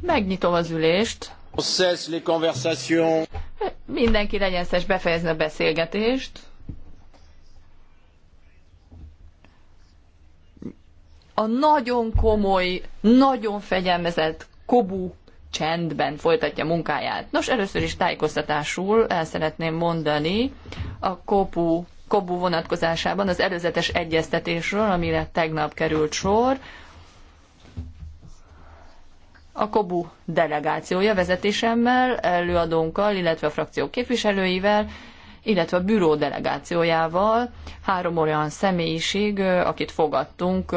Megnyitom az ülést. Mindenki legyen szes befejezni a beszélgetést. A nagyon komoly, nagyon fegyelmezett Kobu csendben folytatja munkáját. Nos, először is tájékoztatásul el szeretném mondani a Kobu, Kobu vonatkozásában az előzetes egyeztetésről, amire tegnap került sor, a KOBU delegációja vezetésemmel, előadónkkal, illetve a frakció képviselőivel, illetve a büró delegációjával, három olyan személyiség, akit fogadtunk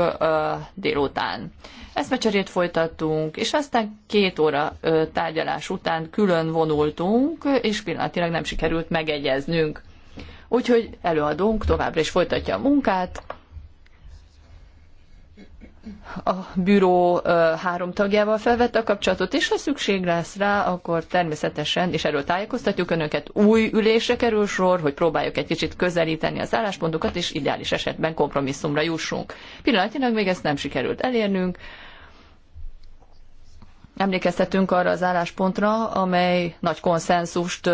délután. Eszmecserét folytattunk, és aztán két óra tárgyalás után külön vonultunk, és pillanatilag nem sikerült megegyeznünk. Úgyhogy előadónk továbbra is folytatja a munkát, a büro három tagjával felvette a kapcsolatot, és ha szükség lesz rá, akkor természetesen, és erről tájékoztatjuk önöket, új ülésre kerül sor, hogy próbáljuk egy kicsit közelíteni az álláspontokat, és ideális esetben kompromisszumra jussunk. Pillanatnyilag még ezt nem sikerült elérnünk. Emlékeztetünk arra az álláspontra, amely nagy konszenzust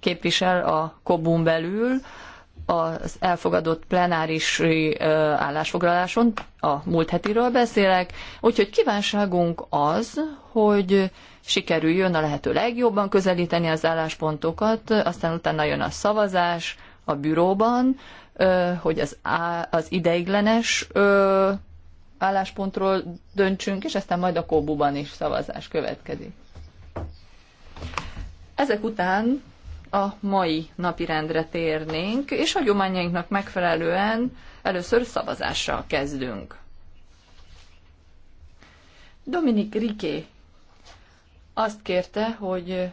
képvisel a kobun belül, az elfogadott plenáris állásfoglaláson, a múlt hetiről beszélek, úgyhogy kívánságunk az, hogy sikerüljön a lehető legjobban közelíteni az álláspontokat, aztán utána jön a szavazás a büróban, hogy az, á, az ideiglenes álláspontról döntsünk, és aztán majd a kóbuban is szavazás következik. Ezek után a mai napirendre térnénk, és hagyományainknak megfelelően először szavazással kezdünk. Dominik Riké azt kérte, hogy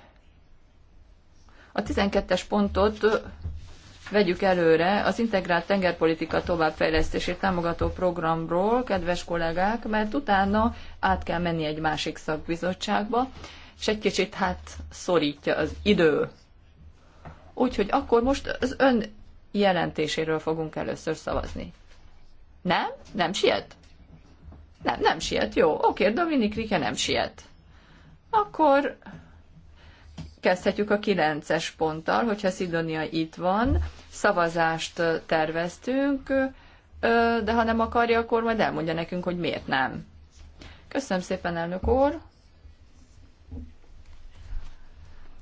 a 12-es pontot vegyük előre az integrált tengerpolitika továbbfejlesztését támogató programról, kedves kollégák, mert utána át kell menni egy másik szakbizottságba, és egy kicsit hát szorítja az idő. Úgyhogy akkor most az ön jelentéséről fogunk először szavazni. Nem? Nem siet? Nem, nem siet. Jó, oké, Dominik Rike nem siet. Akkor kezdhetjük a kilences ponttal, hogyha Szidonia itt van, szavazást terveztünk, de ha nem akarja, akkor majd elmondja nekünk, hogy miért nem. Köszönöm szépen, elnök úr!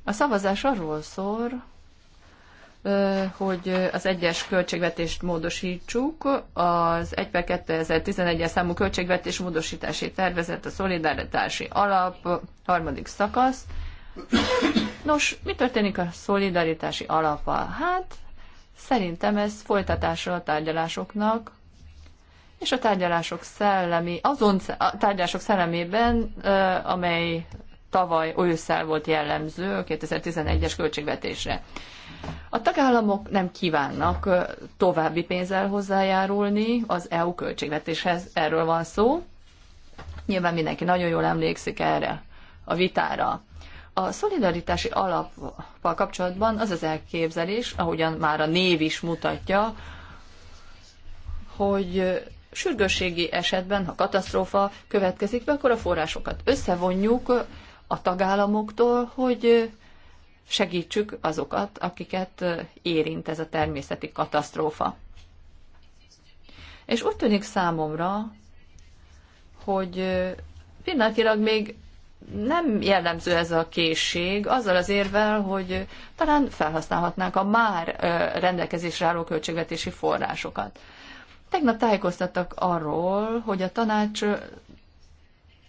A szavazás arról szól, hogy az egyes költségvetést módosítsuk, az 1 per 2011-es számú költségvetés módosítási tervezet, a szolidaritási alap, harmadik szakasz. Nos, mi történik a szolidaritási alappal? Hát, szerintem ez folytatása a tárgyalásoknak, és a tárgyalások szellemi, azon a tárgyalások szellemében, amely tavaly ősszel volt jellemző a 2011-es költségvetésre. A tagállamok nem kívánnak további pénzzel hozzájárulni az EU költségvetéshez, erről van szó. Nyilván mindenki nagyon jól emlékszik erre a vitára. A szolidaritási alappal kapcsolatban az az elképzelés, ahogyan már a név is mutatja, hogy sürgősségi esetben, ha katasztrófa következik be, akkor a forrásokat összevonjuk a tagállamoktól, hogy segítsük azokat, akiket érint ez a természeti katasztrófa. És úgy tűnik számomra, hogy pillanatilag még nem jellemző ez a készség, azzal az érvel, hogy talán felhasználhatnánk a már rendelkezésre álló költségvetési forrásokat. Tegnap tájékoztattak arról, hogy a tanács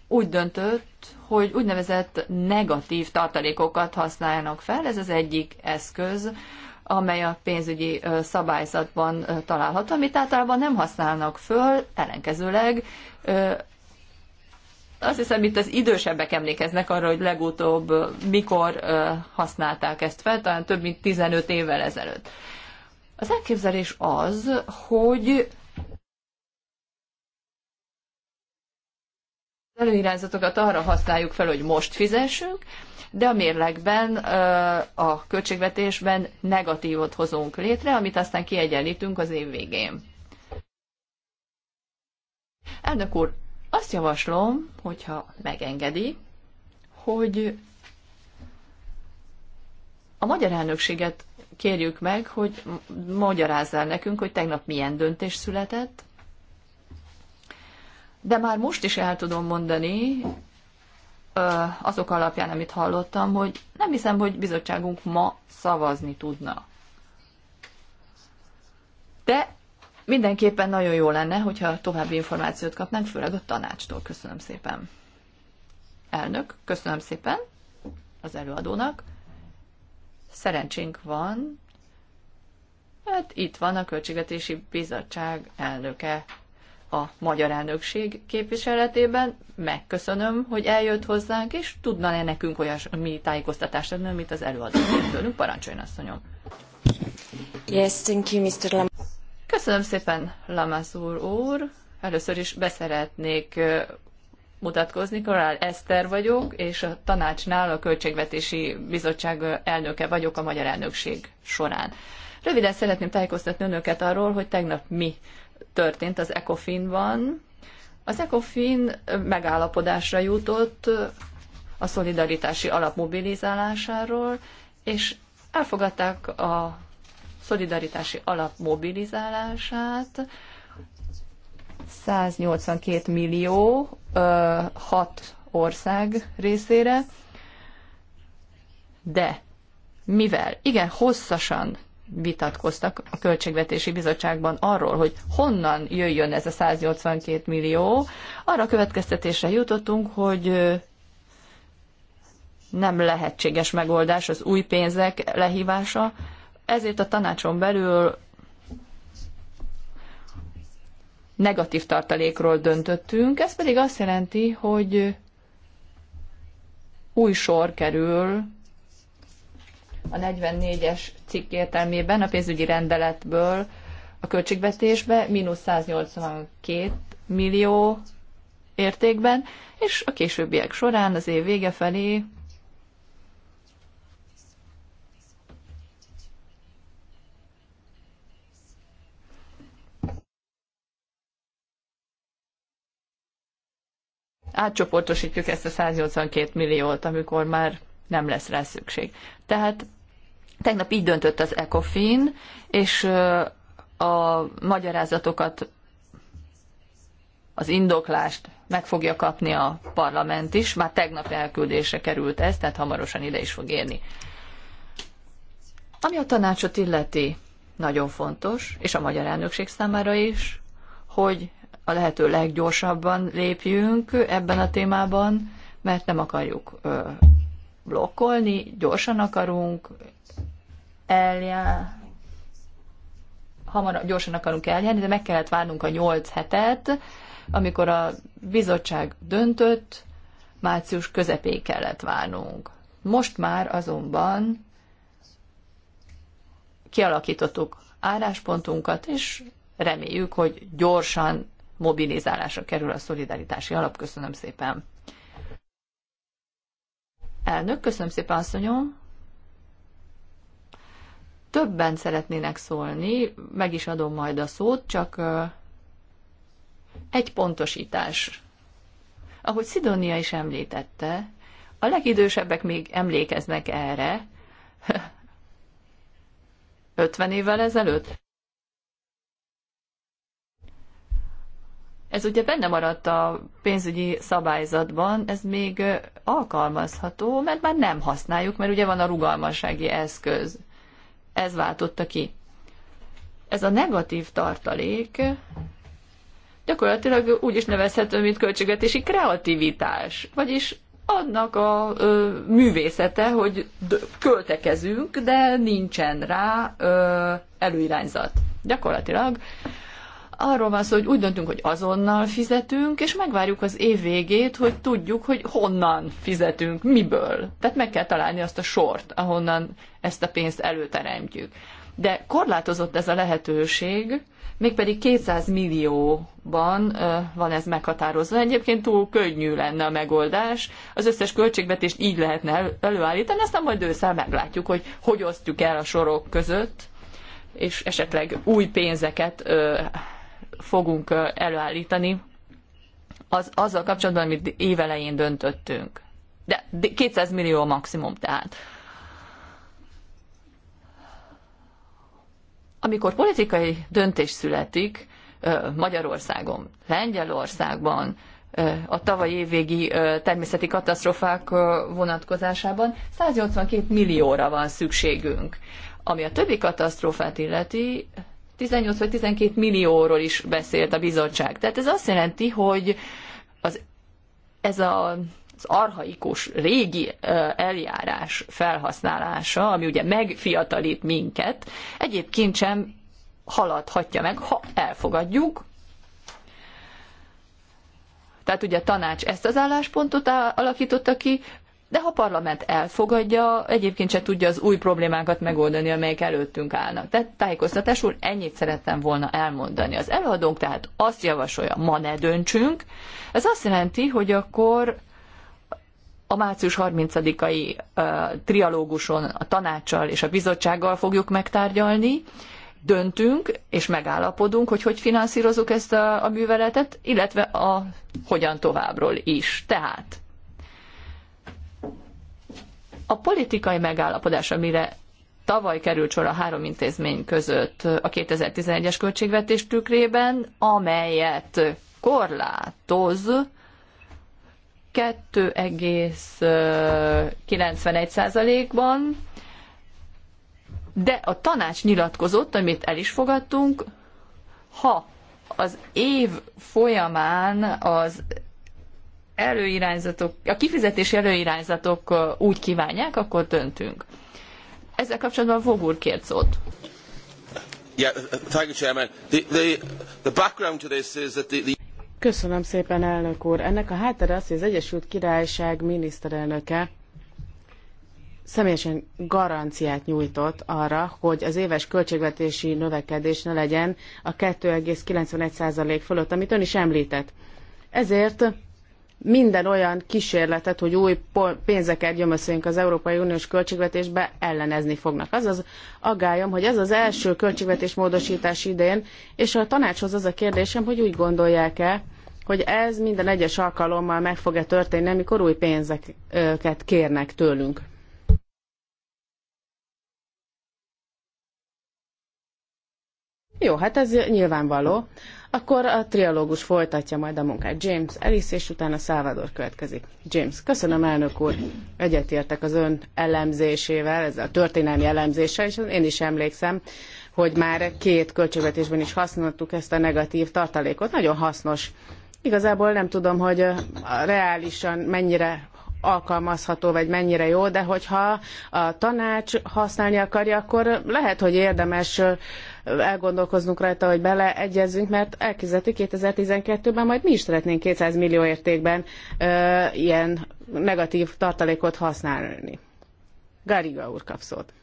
úgy döntött, hogy úgynevezett negatív tartalékokat használjanak fel. Ez az egyik eszköz, amely a pénzügyi szabályzatban található, amit általában nem használnak föl, ellenkezőleg azt hiszem itt az idősebbek emlékeznek arra, hogy legutóbb mikor használták ezt fel, talán több mint 15 évvel ezelőtt. Az elképzelés az, hogy előirányzatokat arra használjuk fel, hogy most fizessünk, de a mérlegben, a költségvetésben negatívot hozunk létre, amit aztán kiegyenlítünk az év végén. Elnök úr, azt javaslom, hogyha megengedi, hogy a magyar elnökséget kérjük meg, hogy magyarázzál nekünk, hogy tegnap milyen döntés született, de már most is el tudom mondani, azok alapján, amit hallottam, hogy nem hiszem, hogy bizottságunk ma szavazni tudna. De mindenképpen nagyon jó lenne, hogyha további információt kapnánk, főleg a tanácstól. Köszönöm szépen. Elnök, köszönöm szépen az előadónak. Szerencsénk van, hát itt van a Költségvetési Bizottság elnöke a magyar elnökség képviseletében. Megköszönöm, hogy eljött hozzánk, és tudna-e nekünk olyasmi tájékoztatást adni, amit az előadó tőlünk. Parancsoljon, asszonyom! Yes, thank you, Mr. Lam- Köszönöm szépen, Lamazur úr! Először is beszeretnék mutatkozni. Korál Eszter vagyok, és a tanácsnál a Költségvetési Bizottság elnöke vagyok a magyar elnökség során. Röviden szeretném tájékoztatni önöket arról, hogy tegnap mi történt az ECOFIN-ban. Az ECOFIN megállapodásra jutott a szolidaritási alap mobilizálásáról, és elfogadták a szolidaritási alap mobilizálását, 182 millió ö, hat ország részére, de mivel igen hosszasan vitatkoztak a Költségvetési Bizottságban arról, hogy honnan jöjjön ez a 182 millió, arra a következtetésre jutottunk, hogy nem lehetséges megoldás az új pénzek lehívása, ezért a tanácson belül negatív tartalékról döntöttünk, ez pedig azt jelenti, hogy új sor kerül a 44-es cikk értelmében a pénzügyi rendeletből a költségvetésbe mínusz 182 millió értékben, és a későbbiek során az év vége felé átcsoportosítjuk ezt a 182 milliót, amikor már nem lesz rá szükség. Tehát Tegnap így döntött az ECOFIN, és a magyarázatokat, az indoklást meg fogja kapni a parlament is. Már tegnap elküldésre került ez, tehát hamarosan ide is fog érni. Ami a tanácsot illeti, nagyon fontos, és a magyar elnökség számára is, hogy a lehető leggyorsabban lépjünk ebben a témában, mert nem akarjuk blokkolni, gyorsan akarunk eljárni, hamar, gyorsan akarunk eljárni, de meg kellett várnunk a nyolc hetet, amikor a bizottság döntött, március közepéig kellett várnunk. Most már azonban kialakítottuk álláspontunkat, és reméljük, hogy gyorsan mobilizálásra kerül a szolidaritási alap. Köszönöm szépen! Elnök, köszönöm szépen, asszonyom. Többen szeretnének szólni, meg is adom majd a szót, csak egy pontosítás. Ahogy szidonia is említette, a legidősebbek még emlékeznek erre, 50 évvel ezelőtt. Ez ugye benne maradt a pénzügyi szabályzatban, ez még alkalmazható, mert már nem használjuk, mert ugye van a rugalmassági eszköz. Ez váltotta ki. Ez a negatív tartalék gyakorlatilag úgy is nevezhető, mint költségvetési kreativitás, vagyis annak a ö, művészete, hogy költekezünk, de nincsen rá ö, előirányzat. Gyakorlatilag arról van szó, hogy úgy döntünk, hogy azonnal fizetünk, és megvárjuk az év végét, hogy tudjuk, hogy honnan fizetünk, miből. Tehát meg kell találni azt a sort, ahonnan ezt a pénzt előteremtjük. De korlátozott ez a lehetőség, mégpedig 200 millióban van ez meghatározva. Egyébként túl könnyű lenne a megoldás, az összes költségvetést így lehetne előállítani, aztán majd ősszel meglátjuk, hogy hogy osztjuk el a sorok között, és esetleg új pénzeket fogunk előállítani az, azzal kapcsolatban, amit évelején döntöttünk. De 200 millió a maximum tehát. Amikor politikai döntés születik Magyarországon, Lengyelországban, a tavaly évvégi természeti katasztrofák vonatkozásában 182 millióra van szükségünk. Ami a többi katasztrófát illeti, 18 vagy 12 millióról is beszélt a bizottság. Tehát ez azt jelenti, hogy az, ez a, az arhaikus régi eljárás felhasználása, ami ugye megfiatalít minket, egyébként sem haladhatja meg, ha elfogadjuk, tehát ugye a tanács ezt az álláspontot alakította ki, de ha a parlament elfogadja, egyébként se tudja az új problémákat megoldani, amelyek előttünk állnak. Tehát tájékoztatásul ennyit szerettem volna elmondani. Az előadónk tehát azt javasolja, ma ne döntsünk. Ez azt jelenti, hogy akkor a március 30-ai uh, trialóguson a tanácssal és a bizottsággal fogjuk megtárgyalni, döntünk és megállapodunk, hogy hogy finanszírozunk ezt a, a műveletet, illetve a hogyan továbbról is. Tehát a politikai megállapodás, amire tavaly került sor a három intézmény között a 2011-es költségvetés tükrében, amelyet korlátoz 2,91%-ban, de a tanács nyilatkozott, amit el is fogadtunk, ha az év folyamán az előirányzatok, a kifizetési előirányzatok úgy kívánják, akkor döntünk. Ezzel kapcsolatban Vogur kért szót. Köszönöm szépen, elnök úr. Ennek a háttere az, hogy az Egyesült Királyság miniszterelnöke személyesen garanciát nyújtott arra, hogy az éves költségvetési növekedés ne legyen a 2,91% fölött, amit ön is említett. Ezért minden olyan kísérletet, hogy új pénzeket gyömöszöljünk az Európai Uniós költségvetésbe, ellenezni fognak. Az az aggályom, hogy ez az első költségvetés módosítás idén, és a tanácshoz az a kérdésem, hogy úgy gondolják-e, hogy ez minden egyes alkalommal meg fog-e történni, amikor új pénzeket kérnek tőlünk. Jó, hát ez nyilvánvaló akkor a trialógus folytatja majd a munkát. James Ellis, és utána Salvador következik. James, köszönöm elnök úr, egyetértek az ön elemzésével, ez a történelmi elemzése, és én is emlékszem, hogy már két költségvetésben is használtuk ezt a negatív tartalékot. Nagyon hasznos. Igazából nem tudom, hogy reálisan mennyire alkalmazható, vagy mennyire jó, de hogyha a tanács használni akarja, akkor lehet, hogy érdemes elgondolkoznunk rajta, hogy beleegyezzünk, mert elkizeti 2012-ben, majd mi is szeretnénk 200 millió értékben ö, ilyen negatív tartalékot használni. Gariga úr kap szót.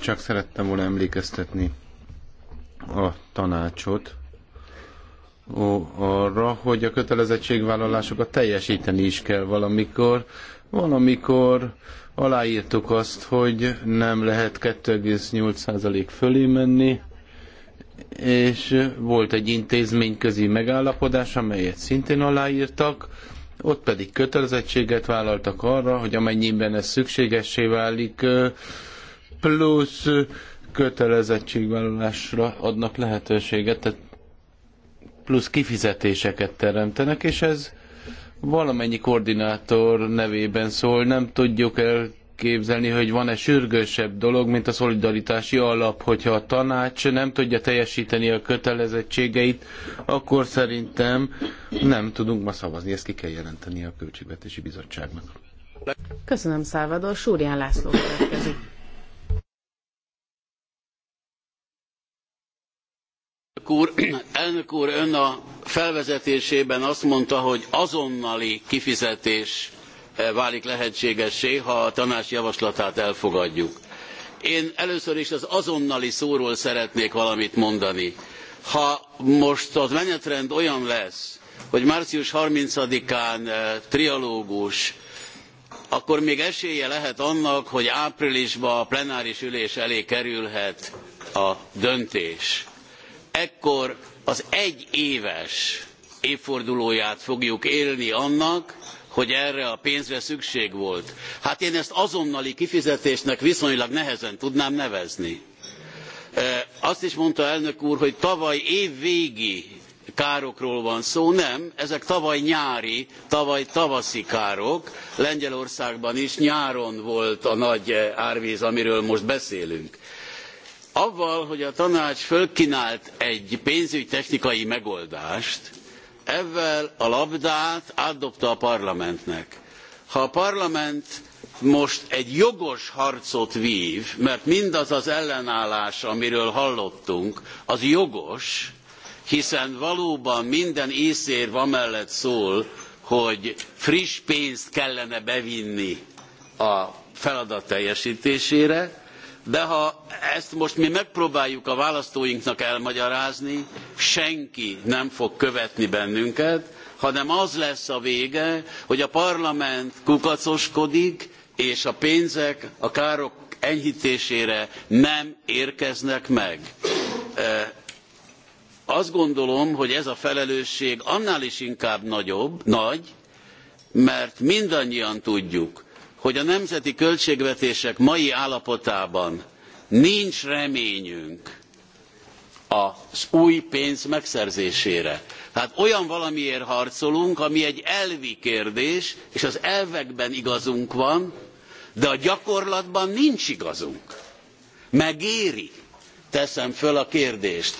Csak szerettem volna emlékeztetni a tanácsot, arra, hogy a kötelezettségvállalásokat teljesíteni is kell valamikor. Valamikor aláírtuk azt, hogy nem lehet 2,8% fölé menni, és volt egy intézményközi megállapodás, amelyet szintén aláírtak, ott pedig kötelezettséget vállaltak arra, hogy amennyiben ez szükségessé válik, plusz kötelezettségvállalásra adnak lehetőséget, tehát plusz kifizetéseket teremtenek, és ez valamennyi koordinátor nevében szól. Nem tudjuk elképzelni, hogy van-e sürgősebb dolog, mint a szolidaritási alap, hogyha a tanács nem tudja teljesíteni a kötelezettségeit, akkor szerintem nem tudunk ma szavazni. Ezt ki kell jelenteni a Költségvetési Bizottságnak. Köszönöm, Szálvador. Súrján László úr, elnök úr, ön a felvezetésében azt mondta, hogy azonnali kifizetés eh, válik lehetségessé, ha a tanács javaslatát elfogadjuk. Én először is az azonnali szóról szeretnék valamit mondani. Ha most a menetrend olyan lesz, hogy március 30-án eh, trialógus, akkor még esélye lehet annak, hogy áprilisban a plenáris ülés elé kerülhet a döntés ekkor az egy éves évfordulóját fogjuk élni annak, hogy erre a pénzre szükség volt. Hát én ezt azonnali kifizetésnek viszonylag nehezen tudnám nevezni. Azt is mondta elnök úr, hogy tavaly évvégi károkról van szó, nem, ezek tavaly nyári, tavaly tavaszi károk. Lengyelországban is nyáron volt a nagy árvíz, amiről most beszélünk. Avval, hogy a tanács fölkínált egy pénzügyi technikai megoldást, ezzel a labdát átdobta a parlamentnek. Ha a parlament most egy jogos harcot vív, mert mindaz az ellenállás, amiről hallottunk, az jogos, hiszen valóban minden észérv amellett szól, hogy friss pénzt kellene bevinni a feladat teljesítésére, de ha ezt most mi megpróbáljuk a választóinknak elmagyarázni, senki nem fog követni bennünket, hanem az lesz a vége, hogy a parlament kukacoskodik, és a pénzek a károk enyhítésére nem érkeznek meg. Azt gondolom, hogy ez a felelősség annál is inkább nagyobb, nagy, mert mindannyian tudjuk, hogy a nemzeti költségvetések mai állapotában nincs reményünk az új pénz megszerzésére. Tehát olyan valamiért harcolunk, ami egy elvi kérdés, és az elvekben igazunk van, de a gyakorlatban nincs igazunk. Megéri, teszem föl a kérdést,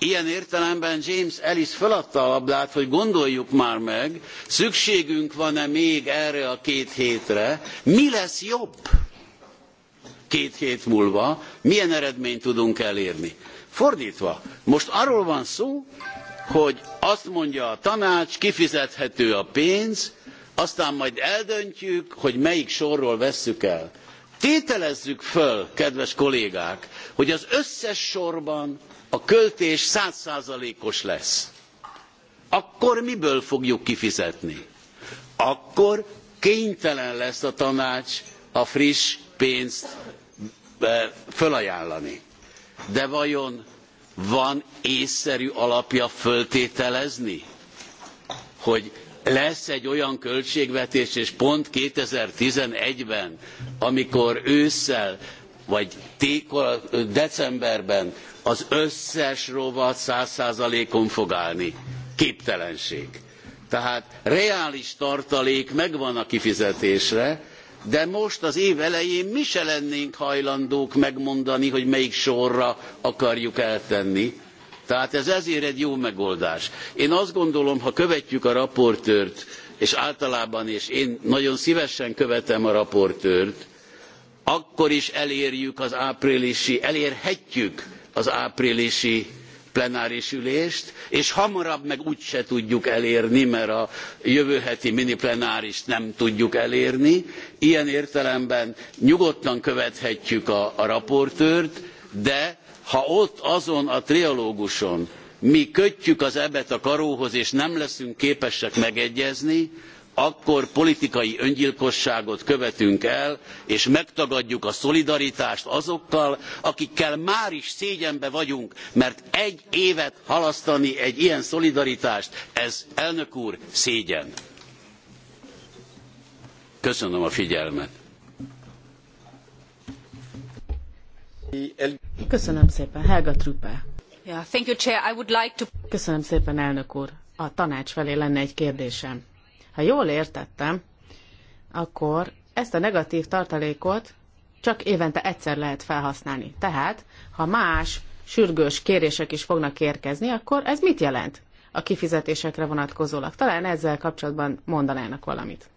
Ilyen értelemben James Ellis föladta a labdát, hogy gondoljuk már meg, szükségünk van-e még erre a két hétre, mi lesz jobb két hét múlva, milyen eredményt tudunk elérni. Fordítva, most arról van szó, hogy azt mondja a tanács, kifizethető a pénz, aztán majd eldöntjük, hogy melyik sorról vesszük el. Tételezzük föl, kedves kollégák, hogy az összes sorban a költés százszázalékos lesz, akkor miből fogjuk kifizetni? Akkor kénytelen lesz a tanács a friss pénzt eh, fölajánlani. De vajon van észszerű alapja föltételezni, hogy lesz egy olyan költségvetés, és pont 2011-ben, amikor ősszel vagy decemberben az összes rovat száz százalékon fog állni. Képtelenség. Tehát reális tartalék megvan a kifizetésre, de most az év elején mi se lennénk hajlandók megmondani, hogy melyik sorra akarjuk eltenni. Tehát ez ezért egy jó megoldás. Én azt gondolom, ha követjük a raportőrt, és általában, és én nagyon szívesen követem a raportőrt, akkor is elérjük az áprilisi, elérhetjük az áprilisi plenáris ülést, és hamarabb meg úgyse tudjuk elérni, mert a jövő heti mini plenárist nem tudjuk elérni. Ilyen értelemben nyugodtan követhetjük a, a raportőrt, de ha ott azon a trialóguson mi kötjük az ebet a karóhoz, és nem leszünk képesek megegyezni, akkor politikai öngyilkosságot követünk el és megtagadjuk a szolidaritást azokkal akikkel már is szégyenbe vagyunk mert egy évet halasztani egy ilyen szolidaritást ez elnök úr szégyen. köszönöm a figyelmet. Köszönöm szépen, Helga Truppe. Yeah, thank you, Chair. I would like to... Köszönöm szépen, elnök úr. A tanács felé lenne egy kérdésem ha jól értettem, akkor ezt a negatív tartalékot csak évente egyszer lehet felhasználni. Tehát, ha más sürgős kérések is fognak érkezni, akkor ez mit jelent a kifizetésekre vonatkozólag? Talán ezzel kapcsolatban mondanának valamit.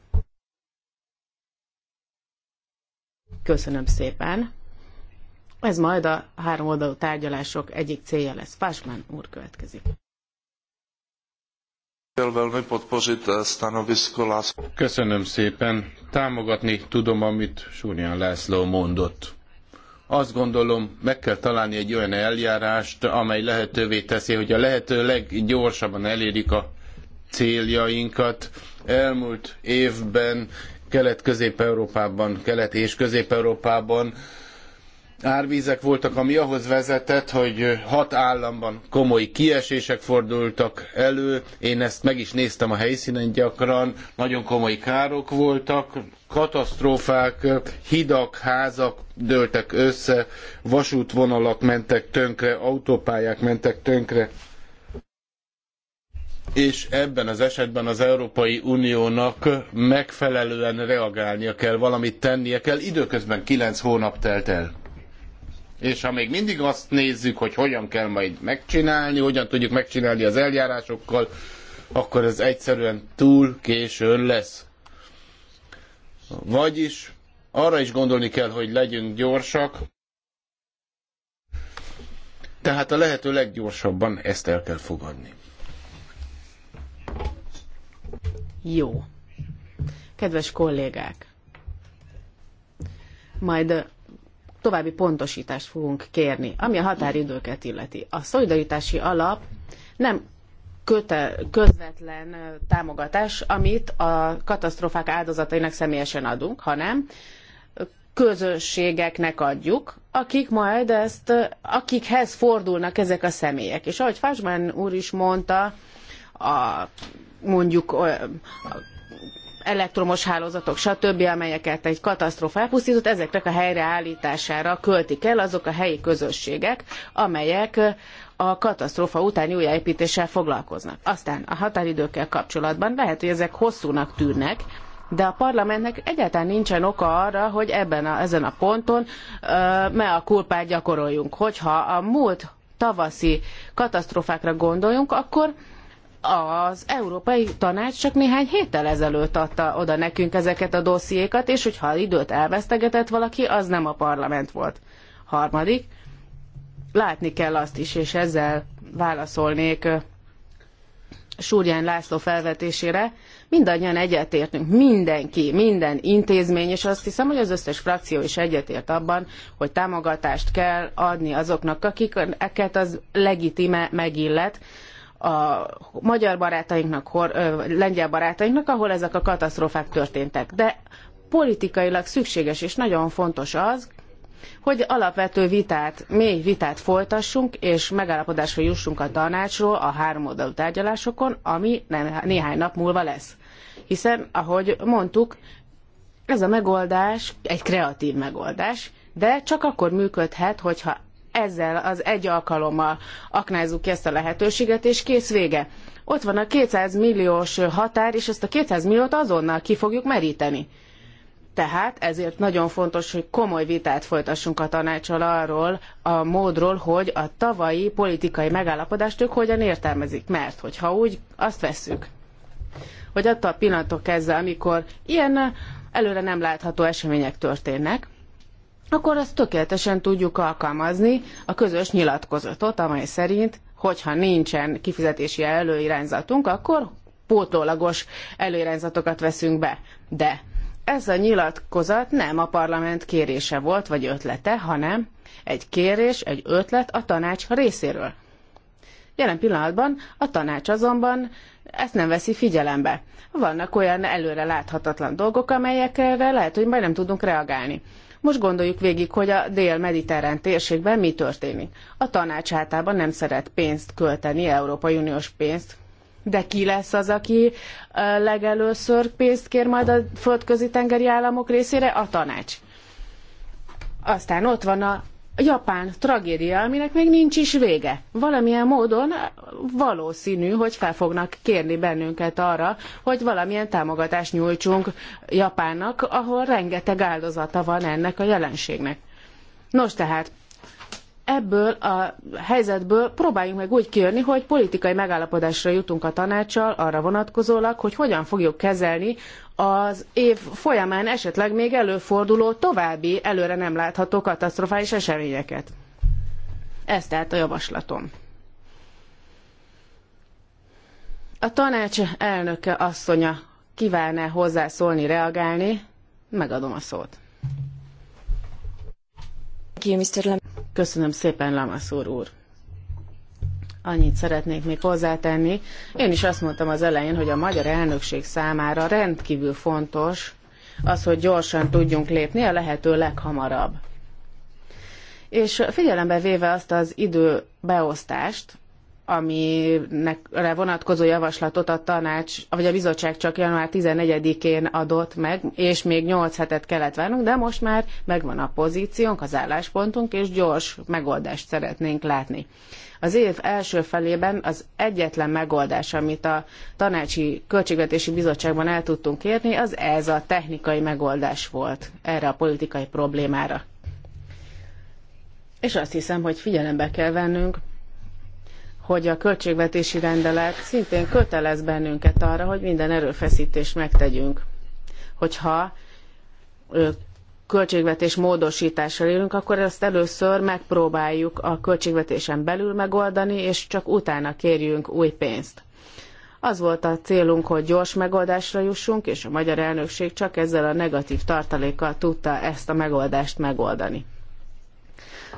Köszönöm szépen. Ez majd a három oldalú tárgyalások egyik célja lesz. Pásmán úr következik. Eh, Köszönöm szépen. Támogatni tudom, amit Súrján László mondott. Azt gondolom, meg kell találni egy olyan eljárást, amely lehetővé teszi, hogy a lehető leggyorsabban elérik a céljainkat. Elmúlt évben Kelet-Közép-Európában, Kelet- és Közép-Európában árvízek voltak, ami ahhoz vezetett, hogy hat államban komoly kiesések fordultak elő. Én ezt meg is néztem a helyszínen gyakran, nagyon komoly károk voltak, katasztrófák, hidak, házak dőltek össze, vasútvonalak mentek tönkre, autópályák mentek tönkre. És ebben az esetben az Európai Uniónak megfelelően reagálnia kell, valamit tennie kell, időközben kilenc hónap telt el és ha még mindig azt nézzük, hogy hogyan kell majd megcsinálni, hogyan tudjuk megcsinálni az eljárásokkal, akkor ez egyszerűen túl későn lesz. Vagyis arra is gondolni kell, hogy legyünk gyorsak, tehát a lehető leggyorsabban ezt el kell fogadni. Jó. Kedves kollégák, majd további pontosítást fogunk kérni, ami a határidőket illeti. A szolidaritási alap nem köte, közvetlen támogatás, amit a katasztrófák áldozatainak személyesen adunk, hanem közösségeknek adjuk, akik majd ezt, akikhez fordulnak ezek a személyek. És ahogy Fásmán úr is mondta, a mondjuk a elektromos hálózatok, stb., amelyeket egy katasztrófa elpusztított, ezeknek a helyreállítására költik el azok a helyi közösségek, amelyek a katasztrófa utáni újjáépítéssel foglalkoznak. Aztán a határidőkkel kapcsolatban lehet, hogy ezek hosszúnak tűnnek, de a parlamentnek egyáltalán nincsen oka arra, hogy ebben a, ezen a ponton ö, me a kulpát gyakoroljunk. Hogyha a múlt tavaszi katasztrófákra gondoljunk, akkor az Európai Tanács csak néhány héttel ezelőtt adta oda nekünk ezeket a dossziékat, és hogyha időt elvesztegetett valaki, az nem a parlament volt. Harmadik, látni kell azt is, és ezzel válaszolnék Súrján László felvetésére, mindannyian egyetértünk, mindenki, minden intézmény, és azt hiszem, hogy az összes frakció is egyetért abban, hogy támogatást kell adni azoknak, akiket az legitime megillet, a magyar barátainknak, hor, ö, lengyel barátainknak, ahol ezek a katasztrófák történtek. De politikailag szükséges és nagyon fontos az, hogy alapvető vitát, mély vitát folytassunk, és megállapodásra jussunk a tanácsról a oldalú tárgyalásokon, ami nem, néhány nap múlva lesz. Hiszen, ahogy mondtuk, ez a megoldás egy kreatív megoldás, de csak akkor működhet, hogyha ezzel az egy alkalommal aknázzuk ki ezt a lehetőséget, és kész vége. Ott van a 200 milliós határ, és ezt a 200 milliót azonnal ki fogjuk meríteni. Tehát ezért nagyon fontos, hogy komoly vitát folytassunk a tanácsal arról, a módról, hogy a tavalyi politikai megállapodást ők hogyan értelmezik. Mert hogyha úgy, azt vesszük, hogy attól a pillanatok kezdve, amikor ilyen előre nem látható események történnek, akkor ezt tökéletesen tudjuk alkalmazni a közös nyilatkozatot, amely szerint, hogyha nincsen kifizetési előirányzatunk, akkor pótlólagos előirányzatokat veszünk be. De ez a nyilatkozat nem a parlament kérése volt, vagy ötlete, hanem egy kérés, egy ötlet a tanács részéről. Jelen pillanatban a tanács azonban ezt nem veszi figyelembe. Vannak olyan előre láthatatlan dolgok, amelyekre lehet, hogy majd nem tudunk reagálni. Most gondoljuk végig, hogy a dél-mediterrán térségben mi történik. A tanács általában nem szeret pénzt költeni, Európai Uniós pénzt, de ki lesz az, aki legelőször pénzt kér majd a földközi tengeri államok részére? A tanács. Aztán ott van a japán tragédia, aminek még nincs is vége. Valamilyen módon valószínű, hogy fel fognak kérni bennünket arra, hogy valamilyen támogatást nyújtsunk Japánnak, ahol rengeteg áldozata van ennek a jelenségnek. Nos tehát, ebből a helyzetből próbáljunk meg úgy kijönni, hogy politikai megállapodásra jutunk a tanácssal arra vonatkozólag, hogy hogyan fogjuk kezelni az év folyamán esetleg még előforduló további, előre nem látható katasztrofális eseményeket. Ez tehát a javaslatom. A tanács elnöke asszonya kívánne hozzászólni, reagálni, megadom a szót. Köszönöm szépen, Lamaszúr úr. Annyit szeretnék még hozzátenni. Én is azt mondtam az elején, hogy a magyar elnökség számára rendkívül fontos az, hogy gyorsan tudjunk lépni a lehető leghamarabb. És figyelembe véve azt az időbeosztást, amire vonatkozó javaslatot a tanács, vagy a bizottság csak január 14-én adott meg, és még 8 hetet kellett várnunk, de most már megvan a pozíciónk, az álláspontunk, és gyors megoldást szeretnénk látni. Az év első felében az egyetlen megoldás, amit a tanácsi költségvetési bizottságban el tudtunk érni, az ez a technikai megoldás volt erre a politikai problémára. És azt hiszem, hogy figyelembe kell vennünk hogy a költségvetési rendelet szintén kötelez bennünket arra, hogy minden erőfeszítést megtegyünk. Hogyha költségvetés módosítással élünk, akkor ezt először megpróbáljuk a költségvetésen belül megoldani, és csak utána kérjünk új pénzt. Az volt a célunk, hogy gyors megoldásra jussunk, és a magyar elnökség csak ezzel a negatív tartalékkal tudta ezt a megoldást megoldani.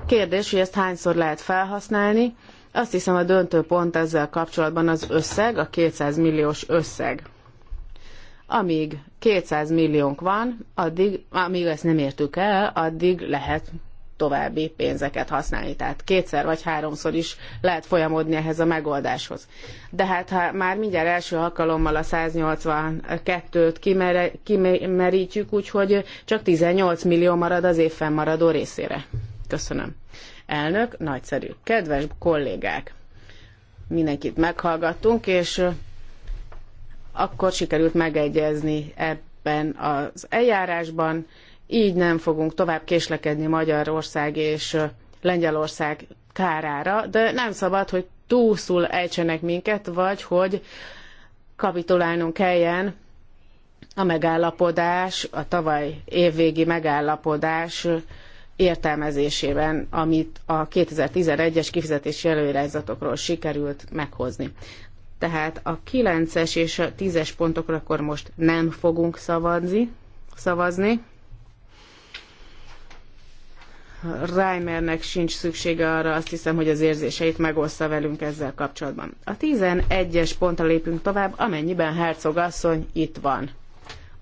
Kérdés, hogy ezt hányszor lehet felhasználni, azt hiszem a döntő pont ezzel kapcsolatban az összeg, a 200 milliós összeg. Amíg 200 milliónk van, addig, amíg ezt nem értük el, addig lehet további pénzeket használni. Tehát kétszer vagy háromszor is lehet folyamodni ehhez a megoldáshoz. De hát ha már mindjárt első alkalommal a 182-t kimer kimerítjük, úgyhogy csak 18 millió marad az év fennmaradó részére. Köszönöm. Elnök, nagyszerű. Kedves kollégák, mindenkit meghallgattunk, és akkor sikerült megegyezni ebben az eljárásban, így nem fogunk tovább késlekedni Magyarország és Lengyelország kárára, de nem szabad, hogy túlszul ejtsenek minket, vagy hogy kapitulálnunk kelljen a megállapodás, a tavaly évvégi megállapodás értelmezésében, amit a 2011-es kifizetési előirányzatokról sikerült meghozni. Tehát a 9-es és a 10-es pontokra akkor most nem fogunk szavazni, szavazni. Reimernek sincs szüksége arra, azt hiszem, hogy az érzéseit megoszta velünk ezzel kapcsolatban. A 11-es pontra lépünk tovább, amennyiben Herzog asszony itt van.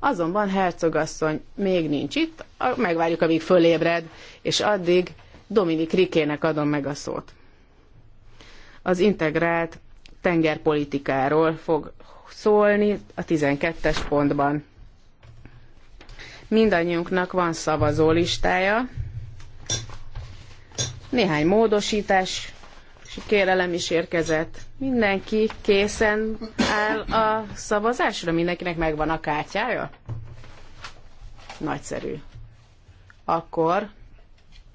Azonban hercogasszony még nincs itt, megvárjuk, amíg fölébred, és addig Dominik Rikének adom meg a szót. Az integrált tengerpolitikáról fog szólni a 12-es pontban. Mindannyiunknak van szavazólistája, néhány módosítás kérelem is érkezett. Mindenki készen áll a szavazásra? Mindenkinek megvan a kártyája? Nagyszerű. Akkor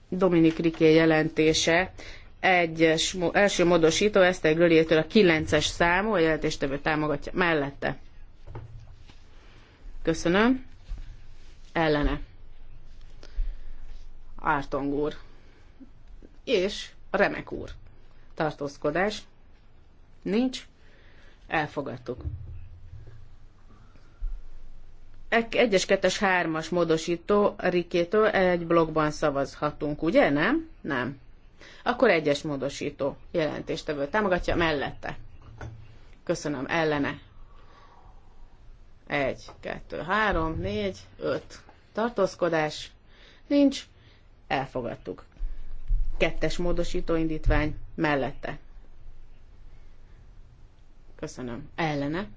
Dominik Riké jelentése egyes, első módosító, Eszter Gröliétől a 9-es számú, a jelentéstevő támogatja mellette. Köszönöm. Ellene. Ártong úr. És remek úr tartózkodás, nincs, elfogadtuk. Egyes, kettes, hármas módosító Rikétől egy blogban szavazhatunk, ugye? Nem? Nem. Akkor egyes módosító jelentéstevő támogatja mellette. Köszönöm, ellene. Egy, kettő, három, négy, öt. Tartózkodás. Nincs. Elfogadtuk kettes módosítóindítvány indítvány mellette. Köszönöm. Ellene.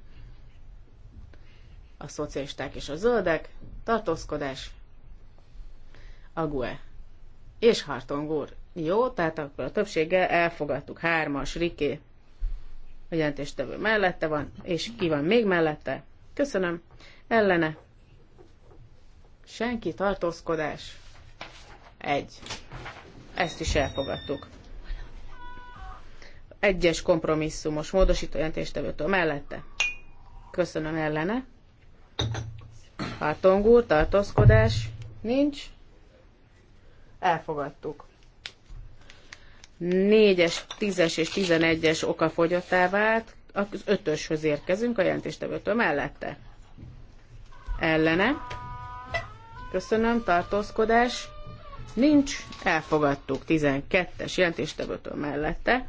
A szocialisták és a zöldek. Tartózkodás. agué És Hartong úr. Jó, tehát akkor a többséggel elfogadtuk. Hármas, Riké. A jelentéstevő mellette van, és ki van még mellette? Köszönöm. Ellene. Senki tartózkodás. Egy ezt is elfogadtuk. Egyes kompromisszumos módosító jelentéstevőtől mellette. Köszönöm ellene. Hartongúr, tartózkodás nincs. Elfogadtuk. 4-es, 10-es és 11-es fogyottá vált, az 5-öshöz érkezünk a jelentéstevőtől mellette. Ellene. Köszönöm, tartózkodás. Nincs, elfogadtuk 12-es jelentéstevőtől mellette.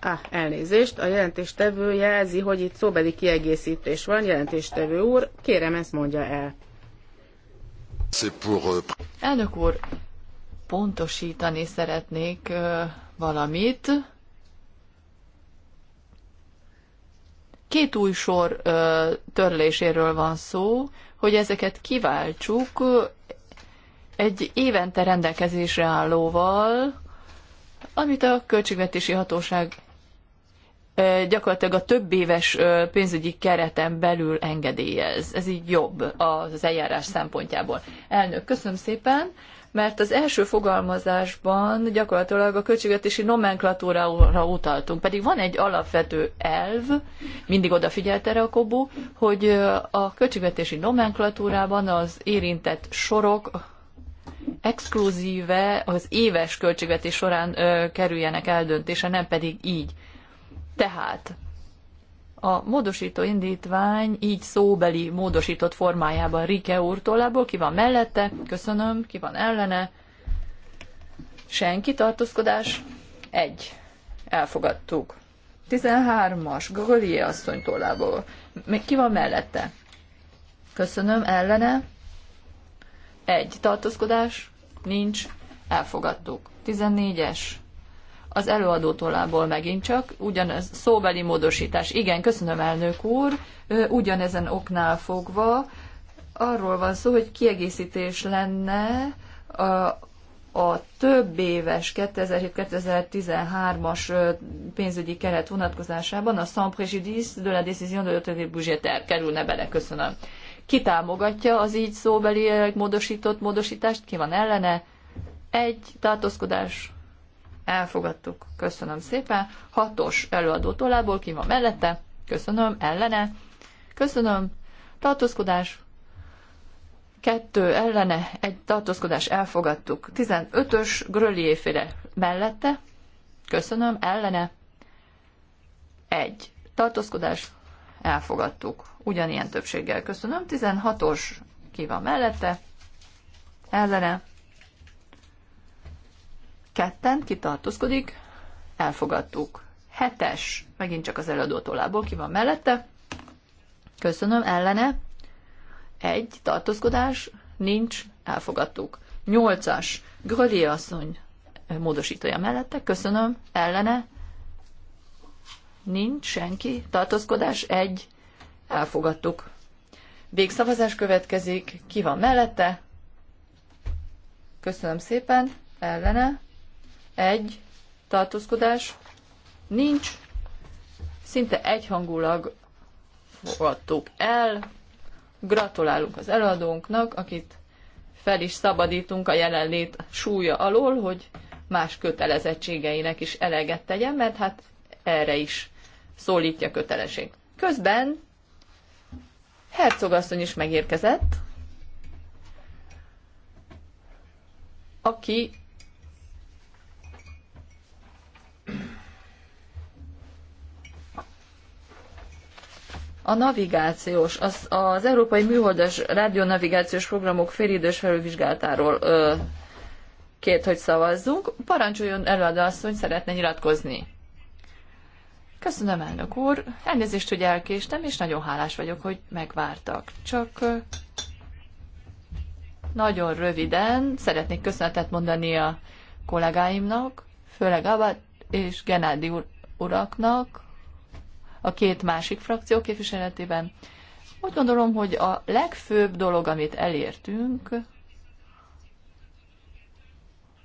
Ah, elnézést, a jelentéstevő jelzi, hogy itt szóbeli kiegészítés van, jelentéstevő úr, kérem ezt mondja el. Euh, Elnök úr, pontosítani szeretnék valamit. Két új sor törléséről van szó, hogy ezeket kiváltsuk, egy évente rendelkezésre állóval, amit a költségvetési hatóság gyakorlatilag a több éves pénzügyi kereten belül engedélyez. Ez így jobb az eljárás szempontjából. Elnök, köszönöm szépen, mert az első fogalmazásban gyakorlatilag a költségvetési nomenklatúrára utaltunk, pedig van egy alapvető elv, mindig odafigyelt erre a Kobu, hogy a költségvetési nomenklatúrában az érintett sorok exkluzíve az éves költségvetés során ö, kerüljenek eldöntése, nem pedig így. Tehát a módosító indítvány így szóbeli módosított formájában Rike úr tollából, ki van mellette, köszönöm, ki van ellene, senki tartózkodás, egy, elfogadtuk. 13-as, Gagolié asszony tollából, még ki van mellette? Köszönöm, ellene, egy tartózkodás, nincs, elfogadtuk. 14-es, az előadó tollából megint csak, ugyanez szóbeli módosítás. Igen, köszönöm elnök úr, ugyanezen oknál fogva, arról van szó, hogy kiegészítés lenne a, a több éves 2007-2013-as pénzügyi keret vonatkozásában a sans préjudice de la décision de l'autorité budgétaire kerülne bele. Köszönöm. Ki támogatja az így szóbeli eh, módosított módosítást? Ki van ellene? Egy tartózkodás. Elfogadtuk. Köszönöm szépen. Hatos előadó tollából. Ki van mellette? Köszönöm. Ellene? Köszönöm. Tartózkodás. Kettő ellene. Egy tartózkodás. Elfogadtuk. 15-ös Gröliéféle mellette. Köszönöm. Ellene? Egy. Tartózkodás. Elfogadtuk ugyanilyen többséggel köszönöm. 16-os ki van mellette, ellene, ketten kitartózkodik, elfogadtuk. Hetes, megint csak az előadó tollából ki van mellette, köszönöm, ellene, egy tartózkodás, nincs, elfogadtuk. Nyolcas, Gröli asszony módosítója mellette, köszönöm, ellene, nincs senki, tartózkodás, egy, Elfogadtuk. Végszavazás következik. Ki van mellette? Köszönöm szépen. Ellene. Egy. Tartózkodás. Nincs. Szinte egyhangulag fogadtuk el. Gratulálunk az előadónknak, akit fel is szabadítunk a jelenlét súlya alól, hogy más kötelezettségeinek is eleget tegyen, mert hát erre is szólítja kötelesség. Közben Hercogasszony is megérkezett, aki a navigációs, az, az Európai Műholdas Rádionavigációs Programok félidős felülvizsgálatáról ö, kért, hogy szavazzunk. Parancsoljon előadó hogy szeretne nyilatkozni. Köszönöm, elnök úr. Elnézést, hogy elkéstem, és nagyon hálás vagyok, hogy megvártak. Csak nagyon röviden szeretnék köszönetet mondani a kollégáimnak, főleg Abad és Genádi ur- uraknak, a két másik frakció képviseletében. Úgy gondolom, hogy a legfőbb dolog, amit elértünk,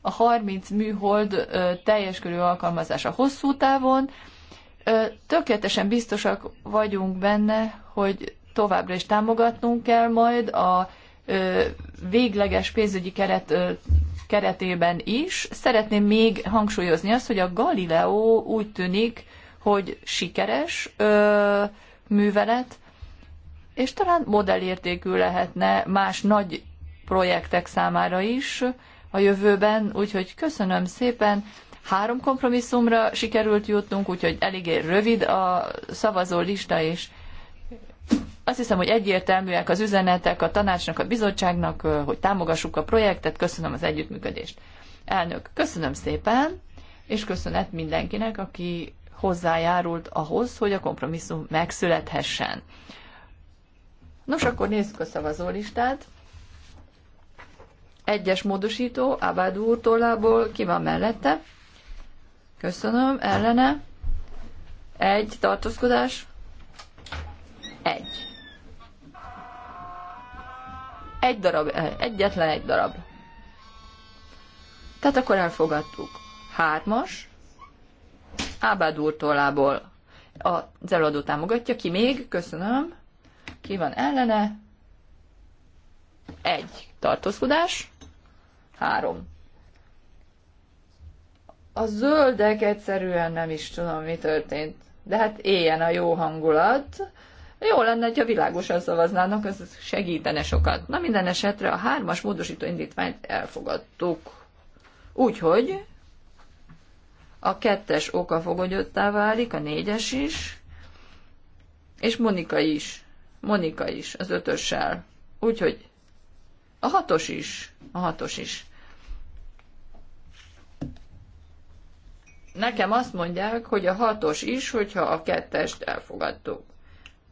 a 30 műhold teljes körű alkalmazása hosszú távon, Tökéletesen biztosak vagyunk benne, hogy továbbra is támogatnunk kell majd a végleges pénzügyi keret keretében is. Szeretném még hangsúlyozni azt, hogy a Galileo úgy tűnik, hogy sikeres ö, művelet, és talán modellértékű lehetne más nagy projektek számára is a jövőben, úgyhogy köszönöm szépen, Három kompromisszumra sikerült jutnunk, úgyhogy eléggé rövid a szavazó lista, és azt hiszem, hogy egyértelműek az üzenetek a tanácsnak, a bizottságnak, hogy támogassuk a projektet. Köszönöm az együttműködést. Elnök, köszönöm szépen, és köszönet mindenkinek, aki hozzájárult ahhoz, hogy a kompromisszum megszülethessen. Nos, akkor nézzük a szavazólistát. Egyes módosító, Abád úr tollából, ki van mellette? Köszönöm. Ellene? Egy. Tartózkodás? Egy. Egy darab, eh, egyetlen egy darab. Tehát akkor elfogadtuk. Hármas, Ábád úr tollából az előadó támogatja. Ki még? Köszönöm. Ki van ellene? Egy tartózkodás. Három a zöldek egyszerűen nem is tudom, mi történt. De hát éljen a jó hangulat. Jó lenne, ha világosan szavaznának, ez segítene sokat. Na minden esetre a hármas módosító indítványt elfogadtuk. Úgyhogy a kettes oka fogogyottá válik, a négyes is, és Monika is. Monika is, az ötössel. Úgyhogy a hatos is, a hatos is. nekem azt mondják, hogy a hatos is, hogyha a kettest elfogadtuk.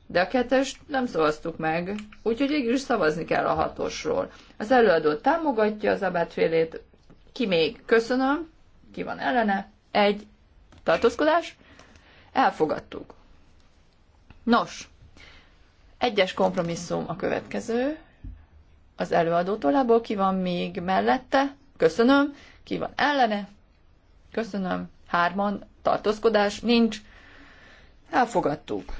De a kettest nem szavaztuk meg, úgyhogy végül is szavazni kell a hatosról. Az előadó támogatja az abátfélét, ki még? Köszönöm. Ki van ellene? Egy. Tartózkodás? Elfogadtuk. Nos, egyes kompromisszum a következő. Az előadó tollából ki van még mellette? Köszönöm. Ki van ellene? Köszönöm hárman, tartózkodás nincs, elfogadtuk.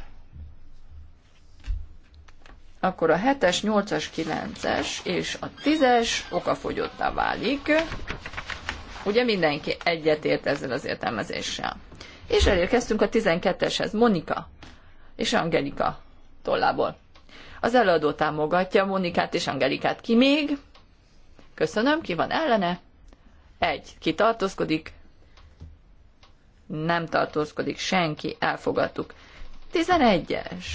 Akkor a 7-es, 8-as, 9-es és a 10-es okafogyottá válik. Ugye mindenki egyetért ezzel az értelmezéssel. És elérkeztünk a 12-eshez, Monika és Angelika tollából. Az előadó támogatja Monikát és Angelikát. Ki még? Köszönöm, ki van ellene? Egy, ki tartózkodik? nem tartózkodik senki, elfogadtuk. 11-es,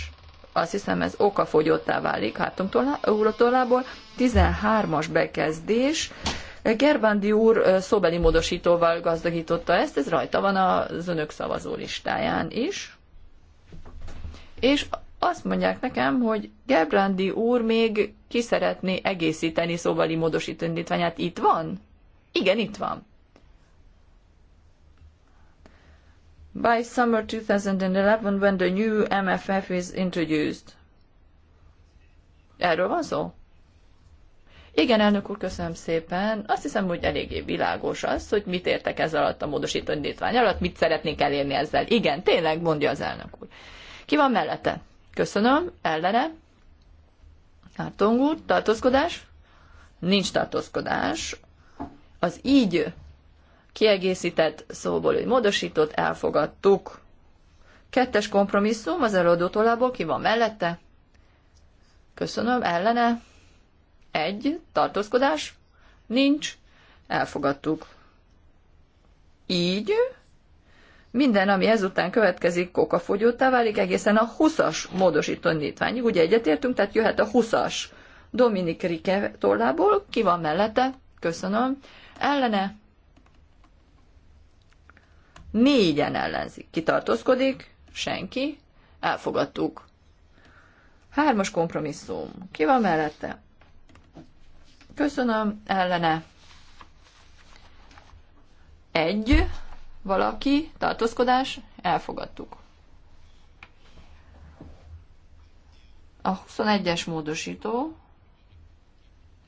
azt hiszem ez okafogyottá válik hátunktólából, 13-as bekezdés, Gerbándi úr szóbeli módosítóval gazdagította ezt, ez rajta van az önök szavazó listáján is. És azt mondják nekem, hogy Gebrandi úr még ki szeretné egészíteni szóbeli módosító indítványát. Itt van? Igen, itt van. by summer 2011, when the new MFF is introduced. Erről van szó? Igen, elnök úr, köszönöm szépen. Azt hiszem, hogy eléggé világos az, hogy mit értek ez alatt a módosító indítvány alatt, mit szeretnék elérni ezzel. Igen, tényleg, mondja az elnök úr. Ki van mellette? Köszönöm. Ellene? Ártong úr, tartózkodás? Nincs tartózkodás. Az így kiegészített szóból egy módosított, elfogadtuk. Kettes kompromisszum az előadó tollából ki van mellette? Köszönöm, ellene? Egy, tartózkodás? Nincs, elfogadtuk. Így minden, ami ezután következik, kokafogyottá válik egészen a 20-as módosító nyitványig. Ugye egyetértünk, tehát jöhet a 20-as Dominik Rike tollából. Ki van mellette? Köszönöm. Ellene? négyen ellenzik. Kitartózkodik, senki, elfogadtuk. Hármas kompromisszum. Ki van mellette? Köszönöm, ellene. Egy, valaki, tartózkodás, elfogadtuk. A 21-es módosító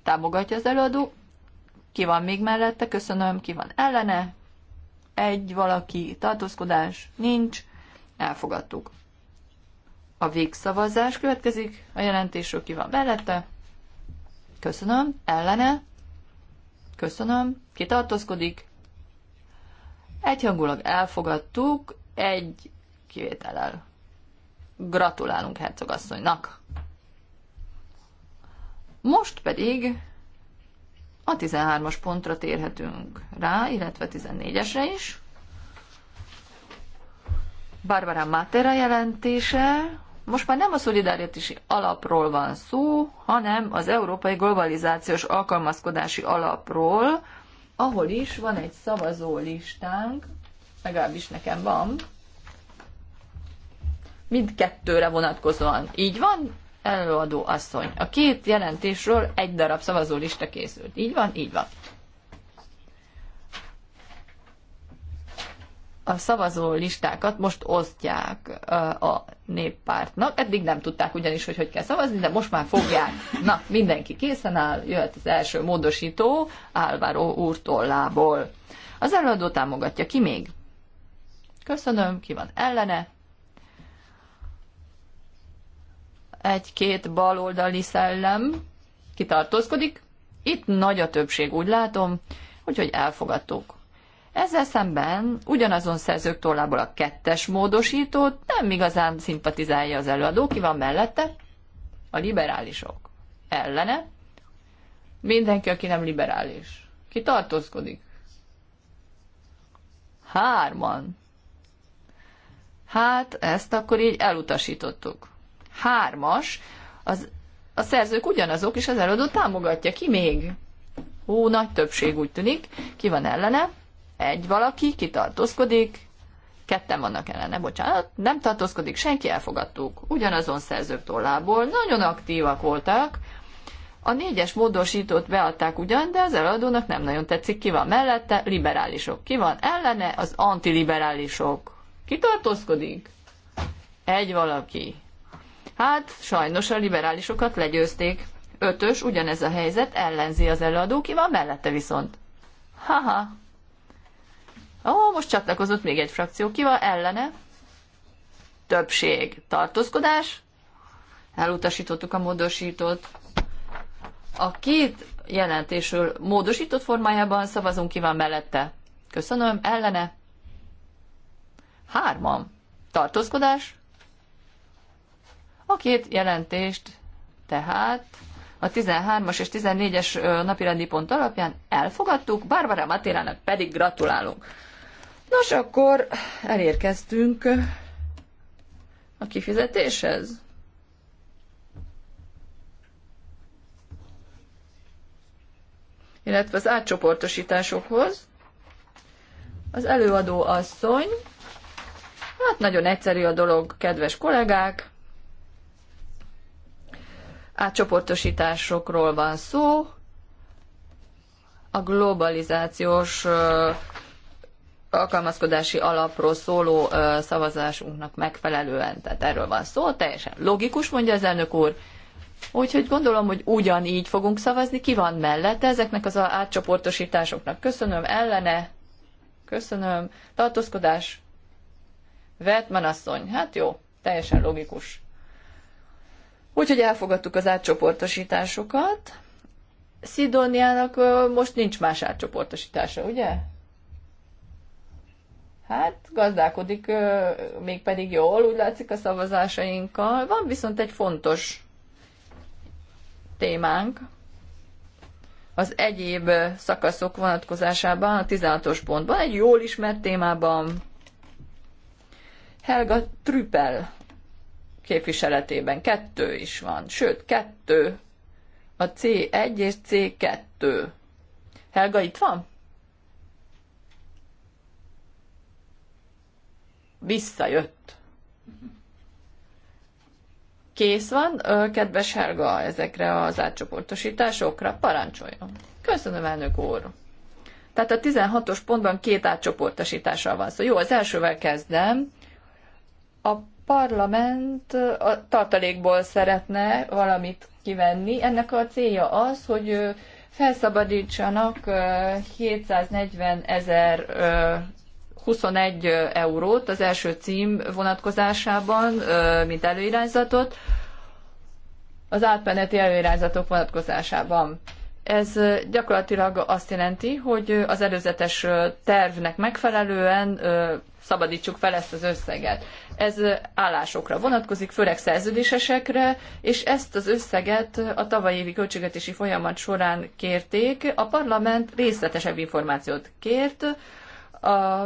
támogatja az előadó. Ki van még mellette? Köszönöm. Ki van ellene? egy valaki, tartózkodás nincs, elfogadtuk. A végszavazás következik, a jelentésről ki van mellette. Köszönöm, ellene, köszönöm, ki tartózkodik. Egyhangulag elfogadtuk, egy kivétellel. Gratulálunk hercogasszonynak! Most pedig a 13-as pontra térhetünk rá, illetve 14-esre is. Barbara Matera jelentése. Most már nem a szolidaritási alapról van szó, hanem az Európai Globalizációs Alkalmazkodási Alapról, ahol is van egy szavazó listánk, legalábbis nekem van, mindkettőre vonatkozóan. Így van? előadó asszony. A két jelentésről egy darab szavazólista készült. Így van? Így van. A szavazó listákat most osztják a néppártnak. Eddig nem tudták ugyanis, hogy hogy kell szavazni, de most már fogják. Na, mindenki készen áll, jöhet az első módosító Álvaro úr tollából. Az előadó támogatja. Ki még? Köszönöm, ki van ellene? egy-két baloldali szellem kitartózkodik. Itt nagy a többség, úgy látom, úgyhogy elfogadtuk. Ezzel szemben ugyanazon szerzők tollából a kettes módosítót nem igazán szimpatizálja az előadó, ki van mellette? A liberálisok. Ellene? Mindenki, aki nem liberális. Ki tartózkodik? Hárman. Hát, ezt akkor így elutasítottuk hármas, az, a szerzők ugyanazok, és az előadó támogatja. Ki még? Hú, nagy többség úgy tűnik. Ki van ellene? Egy valaki, ki tartózkodik, ketten vannak ellene, bocsánat, nem tartózkodik senki, elfogadtuk. Ugyanazon szerzők tollából, nagyon aktívak voltak, a négyes módosítót beadták ugyan, de az előadónak nem nagyon tetszik, ki van mellette, liberálisok. Ki van ellene, az antiliberálisok. Ki tartózkodik? Egy valaki. Hát sajnos a liberálisokat legyőzték. Ötös, ugyanez a helyzet, ellenzi az előadó, ki van mellette viszont. Haha. Ó, most csatlakozott még egy frakció, ki van ellene? Többség. Tartózkodás? Elutasítottuk a módosítót. A két jelentésről módosított formájában szavazunk, ki van mellette. Köszönöm, ellene? Hárman. Tartózkodás? A két jelentést tehát a 13-as és 14-es napirendi pont alapján elfogadtuk, Barbara Matérának pedig gratulálunk. Nos, akkor elérkeztünk a kifizetéshez. illetve az átcsoportosításokhoz. Az előadó asszony, hát nagyon egyszerű a dolog, kedves kollégák, átcsoportosításokról van szó, a globalizációs alkalmazkodási alapról szóló szavazásunknak megfelelően, tehát erről van szó, teljesen logikus, mondja az elnök úr. Úgyhogy gondolom, hogy ugyanígy fogunk szavazni, ki van mellette ezeknek az átcsoportosításoknak. Köszönöm, ellene, köszönöm, tartózkodás, Vetman asszony, hát jó, teljesen logikus. Úgyhogy elfogadtuk az átcsoportosításokat. Szidóniának most nincs más átcsoportosítása, ugye? Hát gazdálkodik mégpedig jól, úgy látszik a szavazásainkkal. Van viszont egy fontos témánk, az egyéb szakaszok vonatkozásában, a 16-os pontban, egy jól ismert témában. Helga Trüppel képviseletében. Kettő is van, sőt, kettő. A C1 és C2. Helga itt van? Visszajött. Kész van, kedves Helga, ezekre az átcsoportosításokra? Parancsoljon. Köszönöm, elnök úr. Tehát a 16-os pontban két átcsoportosításra van szó. Szóval jó, az elsővel kezdem. A parlament a tartalékból szeretne valamit kivenni. Ennek a célja az, hogy felszabadítsanak 740 ezer 21 eurót az első cím vonatkozásában, mint előirányzatot, az átmeneti előirányzatok vonatkozásában. Ez gyakorlatilag azt jelenti, hogy az előzetes tervnek megfelelően szabadítsuk fel ezt az összeget. Ez állásokra vonatkozik, főleg szerződésesekre, és ezt az összeget a tavalyi évi költségvetési folyamat során kérték. A parlament részletesebb információt kért a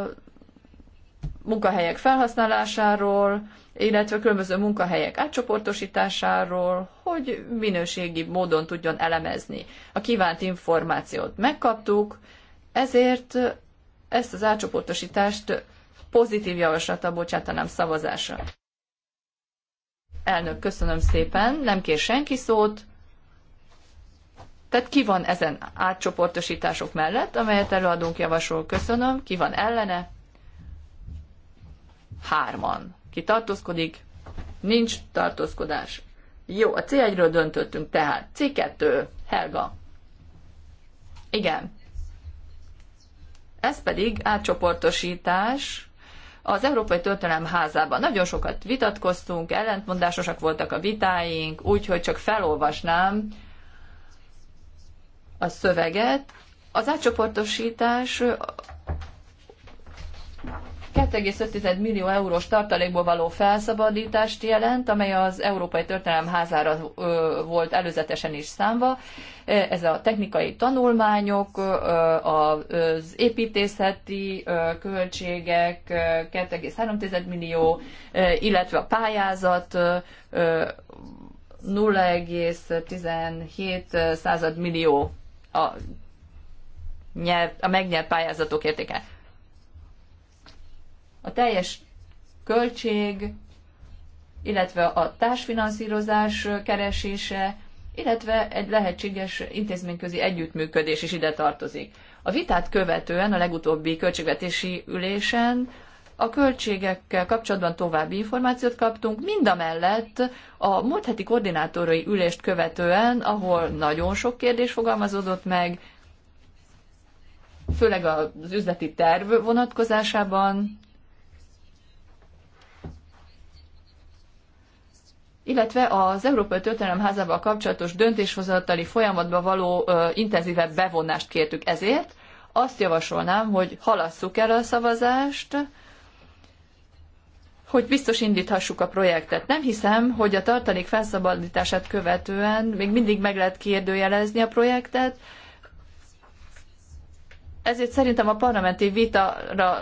munkahelyek felhasználásáról, illetve a különböző munkahelyek átcsoportosításáról, hogy minőségi módon tudjon elemezni. A kívánt információt megkaptuk, ezért ezt az átcsoportosítást pozitív javaslata bocsátanám szavazásra. Elnök, köszönöm szépen, nem kér senki szót. Tehát ki van ezen átcsoportosítások mellett, amelyet előadónk javasol, köszönöm, ki van ellene? Hárman. Ki tartózkodik? Nincs tartózkodás. Jó, a C1-ről döntöttünk, tehát C2, Helga. Igen. Ez pedig átcsoportosítás az Európai Történelem házában. Nagyon sokat vitatkoztunk, ellentmondásosak voltak a vitáink, úgyhogy csak felolvasnám a szöveget. Az átcsoportosítás 7,5 millió eurós tartalékból való felszabadítást jelent, amely az Európai Történelem házára volt előzetesen is számva. Ez a technikai tanulmányok, az építészeti költségek 2,3 millió, illetve a pályázat 0,17 millió a, nyert, a megnyert pályázatok értéke a teljes költség, illetve a társfinanszírozás keresése, illetve egy lehetséges intézményközi együttműködés is ide tartozik. A vitát követően a legutóbbi költségvetési ülésen a költségekkel kapcsolatban további információt kaptunk, mind a mellett a múlt heti koordinátorai ülést követően, ahol nagyon sok kérdés fogalmazódott meg, főleg az üzleti terv vonatkozásában, illetve az Európai Történelem Házával kapcsolatos döntéshozatali folyamatba való ö, intenzívebb bevonást kértük ezért. Azt javasolnám, hogy halasszuk el a szavazást, hogy biztos indíthassuk a projektet. Nem hiszem, hogy a tartalék felszabadítását követően még mindig meg lehet kérdőjelezni a projektet, ezért szerintem a parlamenti vitara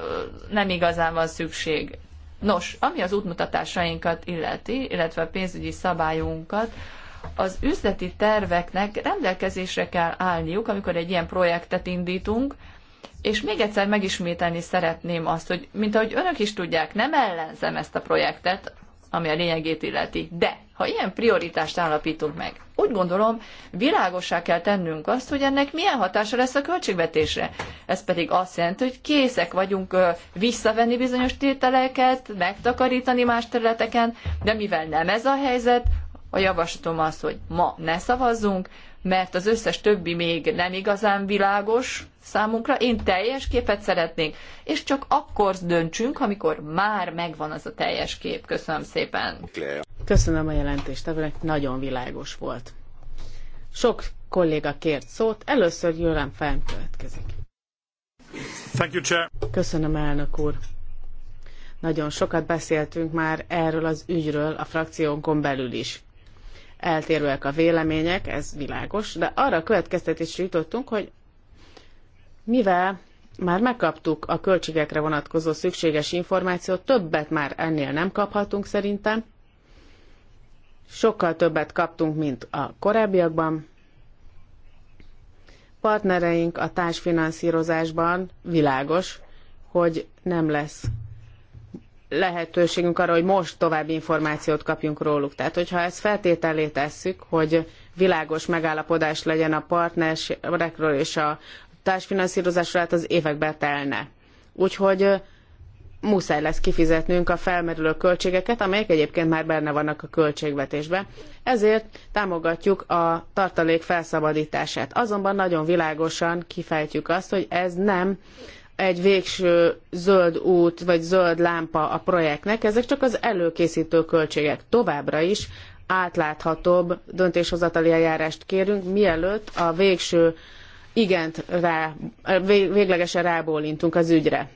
nem igazán van szükség. Nos, ami az útmutatásainkat illeti, illetve a pénzügyi szabályunkat, az üzleti terveknek rendelkezésre kell állniuk, amikor egy ilyen projektet indítunk, és még egyszer megismételni szeretném azt, hogy mint ahogy önök is tudják, nem ellenzem ezt a projektet, ami a lényegét illeti. De ha ilyen prioritást állapítunk meg, úgy gondolom, világossá kell tennünk azt, hogy ennek milyen hatása lesz a költségvetésre. Ez pedig azt jelenti, hogy készek vagyunk visszavenni bizonyos tételeket, megtakarítani más területeken, de mivel nem ez a helyzet, a javaslatom az, hogy ma ne szavazzunk, mert az összes többi még nem igazán világos számunkra. Én teljes képet szeretnék, és csak akkor döntsünk, amikor már megvan az a teljes kép. Köszönöm szépen. Köszönöm a jelentést, ebben nagyon világos volt. Sok kolléga kért szót, először Jölem Fán következik. Thank you, Chair. Köszönöm, elnök úr. Nagyon sokat beszéltünk már erről az ügyről a frakciónkon belül is eltérőek a vélemények, ez világos, de arra a következtetésre jutottunk, hogy mivel már megkaptuk a költségekre vonatkozó szükséges információt, többet már ennél nem kaphatunk szerintem. Sokkal többet kaptunk, mint a korábbiakban. Partnereink a társfinanszírozásban világos, hogy nem lesz lehetőségünk arra, hogy most további információt kapjunk róluk. Tehát, hogyha ezt feltételé tesszük, hogy világos megállapodás legyen a partnerekről és a társfinanszírozásról, hát az évekbe telne. Úgyhogy muszáj lesz kifizetnünk a felmerülő költségeket, amelyek egyébként már benne vannak a költségvetésben. Ezért támogatjuk a tartalék felszabadítását. Azonban nagyon világosan kifejtjük azt, hogy ez nem egy végső zöld út vagy zöld lámpa a projektnek, ezek csak az előkészítő költségek. Továbbra is átláthatóbb döntéshozatali eljárást kérünk, mielőtt a végső igent rá, véglegesen rábólintunk az ügyre.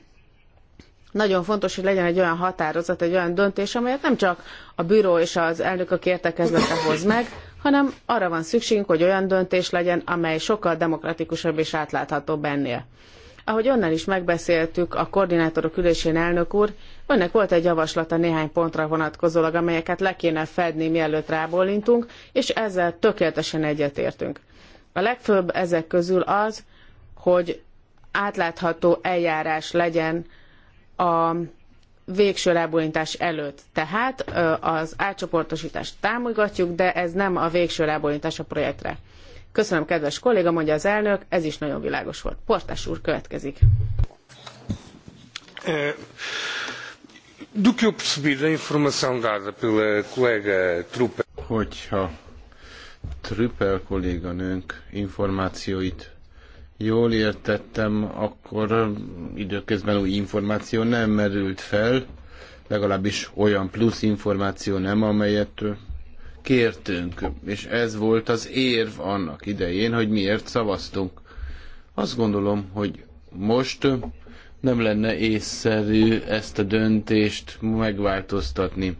Nagyon fontos, hogy legyen egy olyan határozat, egy olyan döntés, amelyet nem csak a bűró és az elnökök értekezlete hoz meg, hanem arra van szükségünk, hogy olyan döntés legyen, amely sokkal demokratikusabb és átláthatóbb ennél. Ahogy onnan is megbeszéltük, a koordinátorok ülésén elnök úr, önnek volt egy javaslata néhány pontra vonatkozólag, amelyeket le kéne fedni, mielőtt rábólintunk, és ezzel tökéletesen egyetértünk. A legfőbb ezek közül az, hogy átlátható eljárás legyen a végső rábólintás előtt. Tehát az átcsoportosítást támogatjuk, de ez nem a végső rábólintás a projektre. Köszönöm, kedves kolléga, mondja az elnök, ez is nagyon világos volt. Portás úr következik. Do que eu percebi da informação dada pela colega Truppel... Hogyha Truppel kolléganőnk információit jól értettem, akkor időközben új információ nem merült fel, legalábbis olyan plusz információ nem, amelyet kértünk, és ez volt az érv annak idején, hogy miért szavaztunk. Azt gondolom, hogy most nem lenne észszerű ezt a döntést megváltoztatni.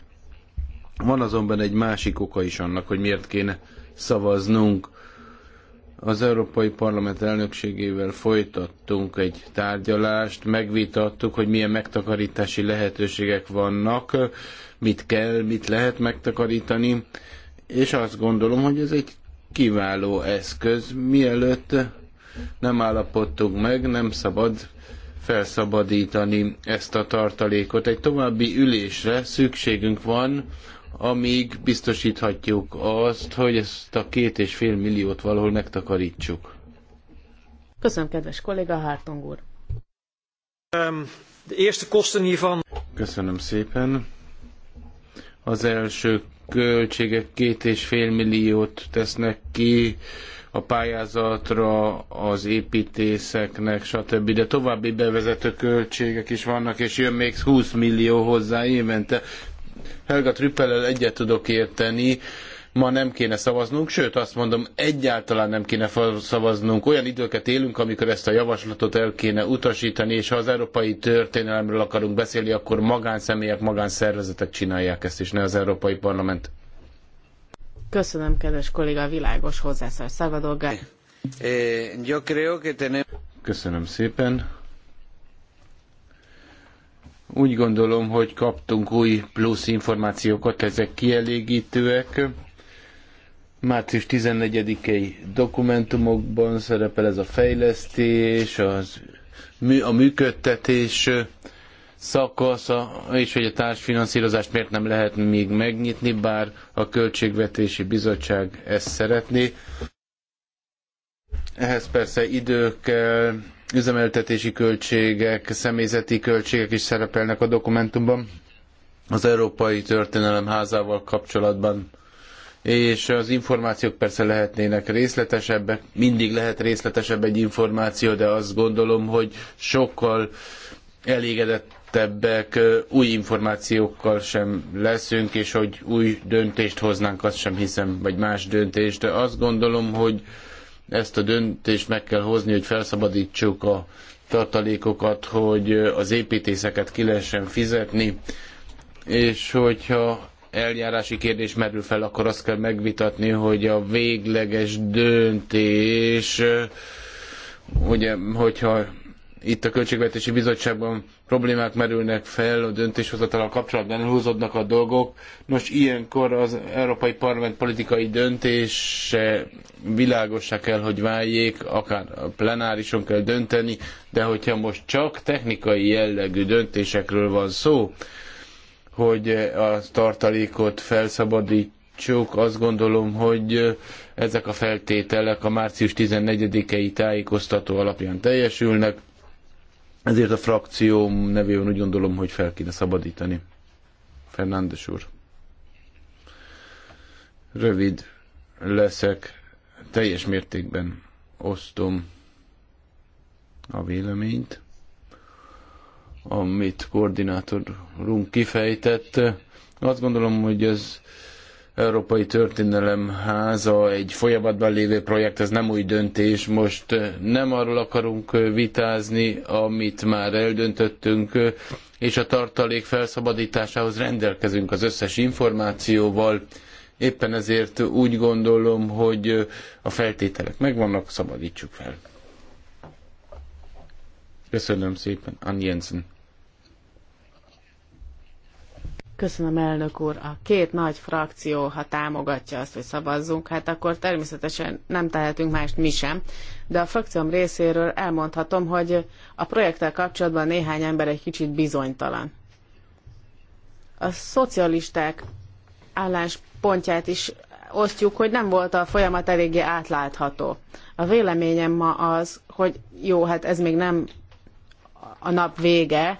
Van azonban egy másik oka is annak, hogy miért kéne szavaznunk. Az Európai Parlament elnökségével folytattunk egy tárgyalást, megvitattuk, hogy milyen megtakarítási lehetőségek vannak, mit kell, mit lehet megtakarítani, és azt gondolom, hogy ez egy kiváló eszköz. Mielőtt nem állapodtunk meg, nem szabad felszabadítani ezt a tartalékot. Egy további ülésre szükségünk van, amíg biztosíthatjuk azt, hogy ezt a két és fél milliót valahol megtakarítsuk. Köszönöm, kedves kolléga Hártong úr! Um, de eerste kosten hiervan... Köszönöm szépen. Az első költségek két és fél milliót tesznek ki a pályázatra, az építészeknek, stb. De további bevezető költségek is vannak, és jön még 20 millió hozzá évente. Helga Trüppellel egyet tudok érteni, ma nem kéne szavaznunk, sőt azt mondom, egyáltalán nem kéne szavaznunk. Olyan időket élünk, amikor ezt a javaslatot el kéne utasítani, és ha az európai történelemről akarunk beszélni, akkor magánszemélyek, magánszervezetek csinálják ezt, és ne az Európai Parlament. Köszönöm, kedves kolléga, a világos hozzászólás. Salvador eh, Köszönöm szépen. Úgy gondolom, hogy kaptunk új plusz információkat, ezek kielégítőek március 14-i dokumentumokban szerepel ez a fejlesztés, az, a működtetés szakasza, és hogy a társfinanszírozást miért nem lehet még megnyitni, bár a Költségvetési Bizottság ezt szeretné. Ehhez persze idők, üzemeltetési költségek, személyzeti költségek is szerepelnek a dokumentumban. Az Európai Történelem Házával kapcsolatban és az információk persze lehetnének részletesebbek, mindig lehet részletesebb egy információ, de azt gondolom, hogy sokkal elégedettebbek új információkkal sem leszünk, és hogy új döntést hoznánk, azt sem hiszem, vagy más döntést. de Azt gondolom, hogy ezt a döntést meg kell hozni, hogy felszabadítsuk a tartalékokat, hogy az építészeket ki lehessen fizetni, és hogyha eljárási kérdés merül fel, akkor azt kell megvitatni, hogy a végleges döntés, ugye, hogyha itt a Költségvetési Bizottságban problémák merülnek fel a döntéshozatal kapcsolatban, elhúzódnak a dolgok. Nos, ilyenkor az Európai Parlament politikai döntése világosá kell, hogy váljék, akár a plenárison kell dönteni, de hogyha most csak technikai jellegű döntésekről van szó, hogy a tartalékot felszabadítsuk. Azt gondolom, hogy ezek a feltételek a március 14-i tájékoztató alapján teljesülnek. Ezért a frakcióm nevében úgy gondolom, hogy fel kéne szabadítani. Fernándes úr. Rövid leszek, teljes mértékben osztom a véleményt amit koordinátorunk kifejtett. Azt gondolom, hogy ez Európai Történelem Háza egy folyamatban lévő projekt, ez nem új döntés. Most nem arról akarunk vitázni, amit már eldöntöttünk, és a tartalék felszabadításához rendelkezünk az összes információval. Éppen ezért úgy gondolom, hogy a feltételek megvannak, szabadítsuk fel. Köszönöm szépen, Ann Jensen. Köszönöm, elnök úr. A két nagy frakció, ha támogatja azt, hogy szavazzunk, hát akkor természetesen nem tehetünk mást mi sem. De a frakcióm részéről elmondhatom, hogy a projekttel kapcsolatban néhány ember egy kicsit bizonytalan. A szocialisták álláspontját is osztjuk, hogy nem volt a folyamat eléggé átlátható. A véleményem ma az, hogy jó, hát ez még nem a nap vége,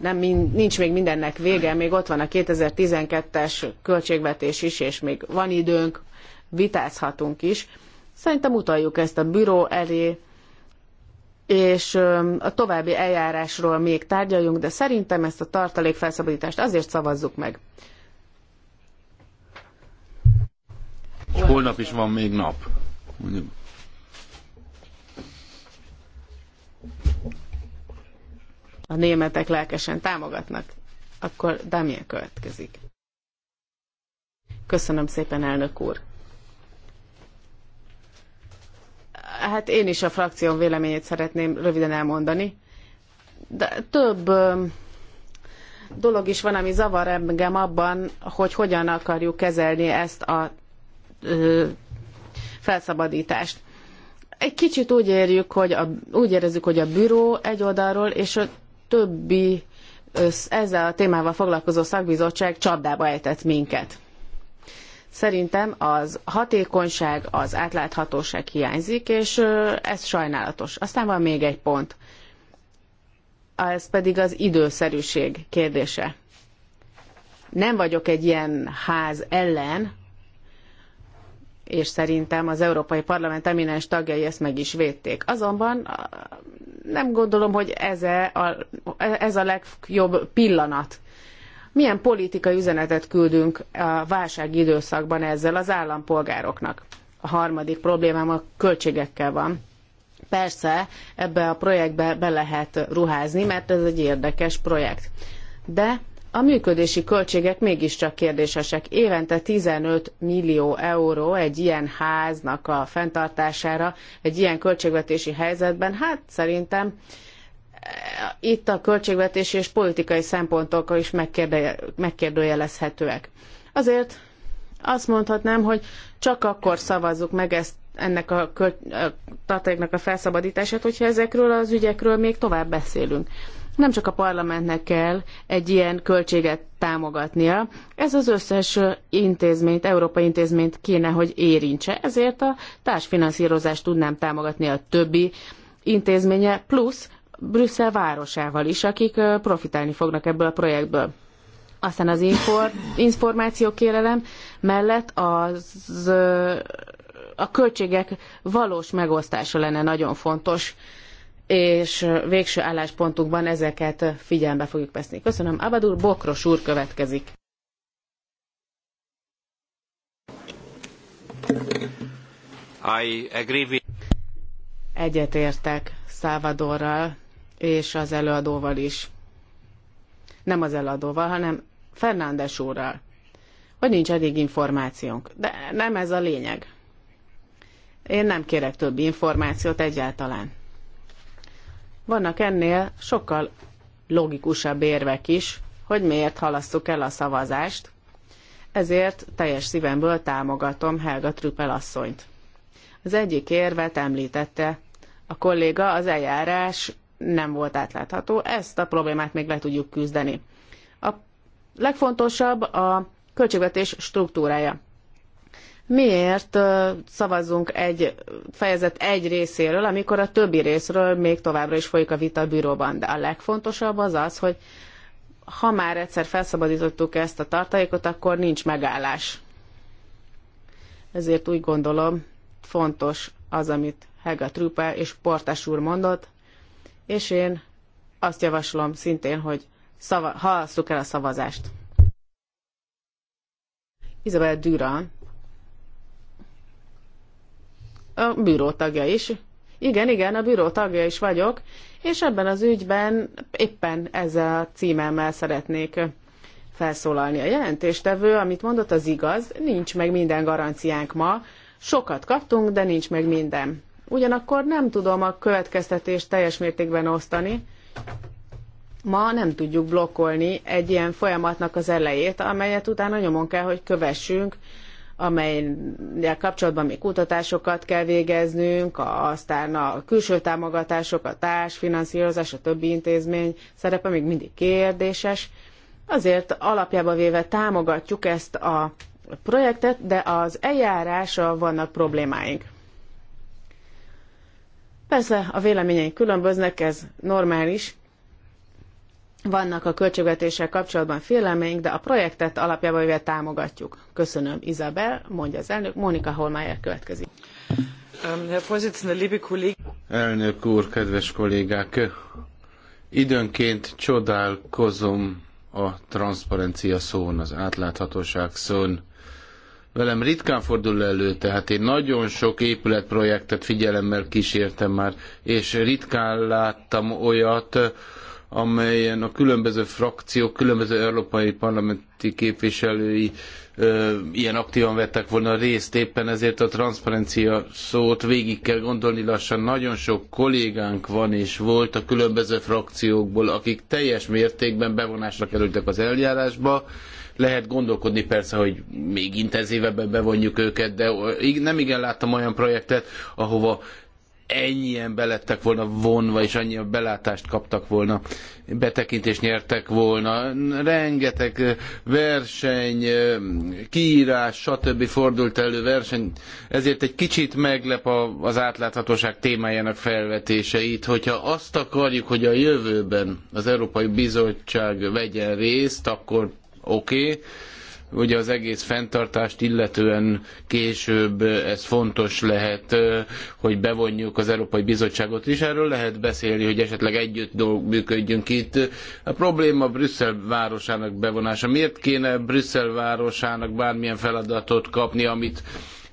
nem, nincs még mindennek vége, még ott van a 2012-es költségvetés is, és még van időnk, vitázhatunk is. Szerintem utaljuk ezt a büró elé, és a további eljárásról még tárgyaljunk, de szerintem ezt a tartalékfelszabadítást azért szavazzuk meg. És holnap is van még nap. Mondjuk. a németek lelkesen támogatnak. Akkor Damien következik. Köszönöm szépen, elnök úr. Hát én is a frakcióm véleményét szeretném röviden elmondani. De több dolog is van, ami zavar engem abban, hogy hogyan akarjuk kezelni ezt a ö, felszabadítást. Egy kicsit úgy, érjük, hogy a, úgy érezzük, hogy a büró egy oldalról, és a többi ezzel a témával foglalkozó szakbizottság csapdába ejtett minket. Szerintem az hatékonyság, az átláthatóság hiányzik, és ez sajnálatos. Aztán van még egy pont. Ez pedig az időszerűség kérdése. Nem vagyok egy ilyen ház ellen, és szerintem az Európai Parlament eminens tagjai ezt meg is védték. Azonban nem gondolom, hogy ez e a, ez a legjobb pillanat. Milyen politikai üzenetet küldünk a válság időszakban ezzel az állampolgároknak? A harmadik problémám a költségekkel van. Persze ebbe a projektbe be lehet ruházni, mert ez egy érdekes projekt. De a működési költségek mégiscsak kérdésesek. Évente 15 millió euró egy ilyen háznak a fenntartására, egy ilyen költségvetési helyzetben, hát szerintem eh, itt a költségvetési és politikai szempontok is megkérdőjelezhetőek. Azért azt mondhatnám, hogy csak akkor szavazzuk meg ezt ennek a, költ, a tartaléknak a felszabadítását, hogyha ezekről az ügyekről még tovább beszélünk nem csak a parlamentnek kell egy ilyen költséget támogatnia, ez az összes intézményt, európai intézményt kéne, hogy érintse, ezért a társfinanszírozást tudnám támogatni a többi intézménye, plusz Brüsszel városával is, akik profitálni fognak ebből a projektből. Aztán az infor, információkérelem mellett az, a költségek valós megosztása lenne nagyon fontos és végső álláspontunkban ezeket figyelembe fogjuk veszni. Köszönöm. Abadur Bokros úr következik. I agree with... Egyetértek Szávadorral és az előadóval is. Nem az előadóval, hanem Fernándes úrral. Hogy nincs elég információnk. De nem ez a lényeg. Én nem kérek több információt egyáltalán. Vannak ennél sokkal logikusabb érvek is, hogy miért halasszuk el a szavazást, ezért teljes szívemből támogatom Helga Trüppel asszonyt. Az egyik érvet említette, a kolléga az eljárás nem volt átlátható, ezt a problémát még le tudjuk küzdeni. A legfontosabb a költségvetés struktúrája miért szavazzunk egy fejezet egy részéről, amikor a többi részről még továbbra is folyik a vita a bíróban. De a legfontosabb az az, hogy ha már egyszer felszabadítottuk ezt a tartalékot, akkor nincs megállás. Ezért úgy gondolom, fontos az, amit Helga Trüppel és Portás úr mondott, és én azt javaslom szintén, hogy szava- halasszuk el a szavazást. Izabel Düran a bíró tagja is. Igen, igen, a bíró tagja is vagyok, és ebben az ügyben éppen ezzel a címemmel szeretnék felszólalni. A jelentéstevő, amit mondott, az igaz, nincs meg minden garanciánk ma. Sokat kaptunk, de nincs meg minden. Ugyanakkor nem tudom a következtetést teljes mértékben osztani. Ma nem tudjuk blokkolni egy ilyen folyamatnak az elejét, amelyet utána nyomon kell, hogy kövessünk, amelynek kapcsolatban még kutatásokat kell végeznünk, aztán a külső támogatások, a társfinanszírozás, a többi intézmény szerepe még mindig kérdéses. Azért alapjába véve támogatjuk ezt a projektet, de az eljárással vannak problémáink. Persze a véleményeink különböznek, ez normális, vannak a költségvetéssel kapcsolatban félelmeink, de a projektet alapjában véve támogatjuk. Köszönöm, Izabel, mondja az elnök. Monika Holmájer következik. Um, elnök úr, kedves kollégák! Időnként csodálkozom a transzparencia szón, az átláthatóság szón. Velem ritkán fordul elő, tehát én nagyon sok épületprojektet figyelemmel kísértem már, és ritkán láttam olyat, amelyen a különböző frakciók, különböző európai parlamenti képviselői ö, ilyen aktívan vettek volna részt, éppen ezért a transzparencia szót végig kell gondolni lassan. Nagyon sok kollégánk van és volt a különböző frakciókból, akik teljes mértékben bevonásra kerültek az eljárásba, lehet gondolkodni persze, hogy még intenzívebben bevonjuk őket, de nem igen láttam olyan projektet, ahova ennyien belettek volna vonva, és annyian belátást kaptak volna, betekintést nyertek volna. Rengeteg eh, verseny, eh, kiírás, stb. fordult elő verseny. Ezért egy kicsit meglep az átláthatóság témájának felvetése itt, hogyha azt akarjuk, hogy a jövőben az Európai Bizottság vegyen részt, akkor oké, okay, ugye az egész fenntartást illetően később ez fontos lehet, hogy bevonjuk az Európai Bizottságot is, erről lehet beszélni, hogy esetleg együtt működjünk itt. A probléma Brüsszel városának bevonása. Miért kéne Brüsszel városának bármilyen feladatot kapni, amit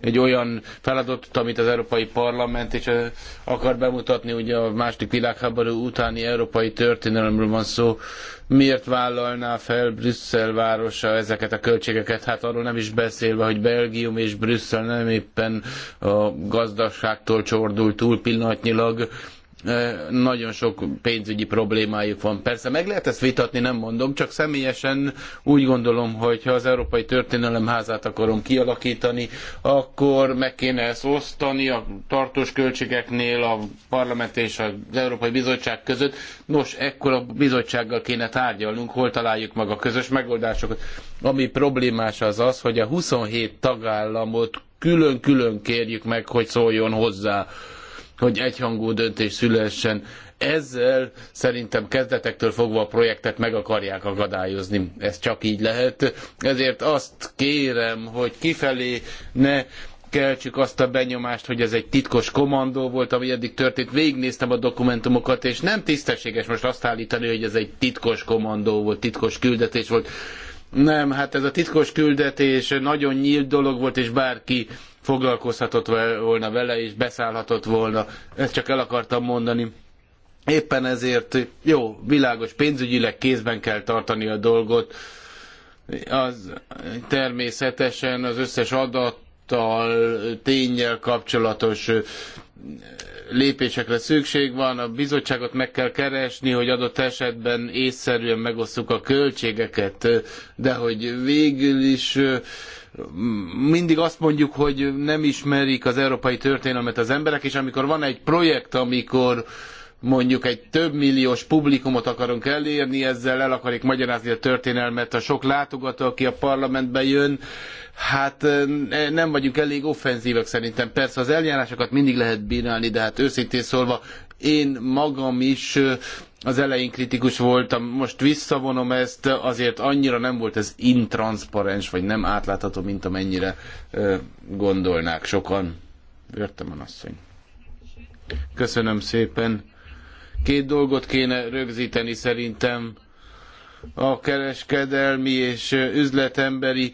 egy olyan feladatot, amit az Európai Parlament is eh, akar bemutatni, ugye a második világháború utáni európai történelemről van szó. Miért vállalná fel Brüsszel városa ezeket a költségeket? Hát arról nem is beszélve, hogy Belgium és Brüsszel nem éppen a gazdaságtól csordul túl pillanatnyilag, nagyon sok pénzügyi problémájuk van. Persze meg lehet ezt vitatni, nem mondom, csak személyesen úgy gondolom, hogy ha az Európai házát akarom kialakítani, akkor meg kéne ezt osztani a tartós költségeknél a parlament és az Európai Bizottság között. Nos, ekkor a bizottsággal kéne tárgyalnunk, hol találjuk meg a közös megoldásokat. Ami problémás az az, hogy a 27 tagállamot külön-külön kérjük meg, hogy szóljon hozzá hogy egyhangú döntés szülessen. Ezzel szerintem kezdetektől fogva a projektet meg akarják akadályozni. Ez csak így lehet. Ezért azt kérem, hogy kifelé ne keltsük azt a benyomást, hogy ez egy titkos kommandó volt, ami eddig történt. Végignéztem a dokumentumokat, és nem tisztességes most azt állítani, hogy ez egy titkos kommandó volt, titkos küldetés volt. Nem, hát ez a titkos küldetés nagyon nyílt dolog volt, és bárki foglalkozhatott volna vele, és beszállhatott volna. Ezt csak el akartam mondani. Éppen ezért jó, világos, pénzügyileg kézben kell tartani a dolgot. Az természetesen az összes adattal, tényel kapcsolatos lépésekre szükség van, a bizottságot meg kell keresni, hogy adott esetben észszerűen megosszuk a költségeket, de hogy végül is mindig azt mondjuk, hogy nem ismerik az európai történelmet az emberek, és amikor van egy projekt, amikor mondjuk egy több milliós publikumot akarunk elérni, ezzel el akarjuk magyarázni a történelmet, a sok látogató, aki a parlamentbe jön, hát nem vagyunk elég offenzívek szerintem. Persze az eljárásokat mindig lehet bírálni, de hát őszintén szólva én magam is az elején kritikus voltam, most visszavonom ezt, azért annyira nem volt ez intranszparens, vagy nem átlátható, mint amennyire ö, gondolnák sokan. a asszony. Köszönöm szépen. Két dolgot kéne rögzíteni szerintem. A kereskedelmi és üzletemberi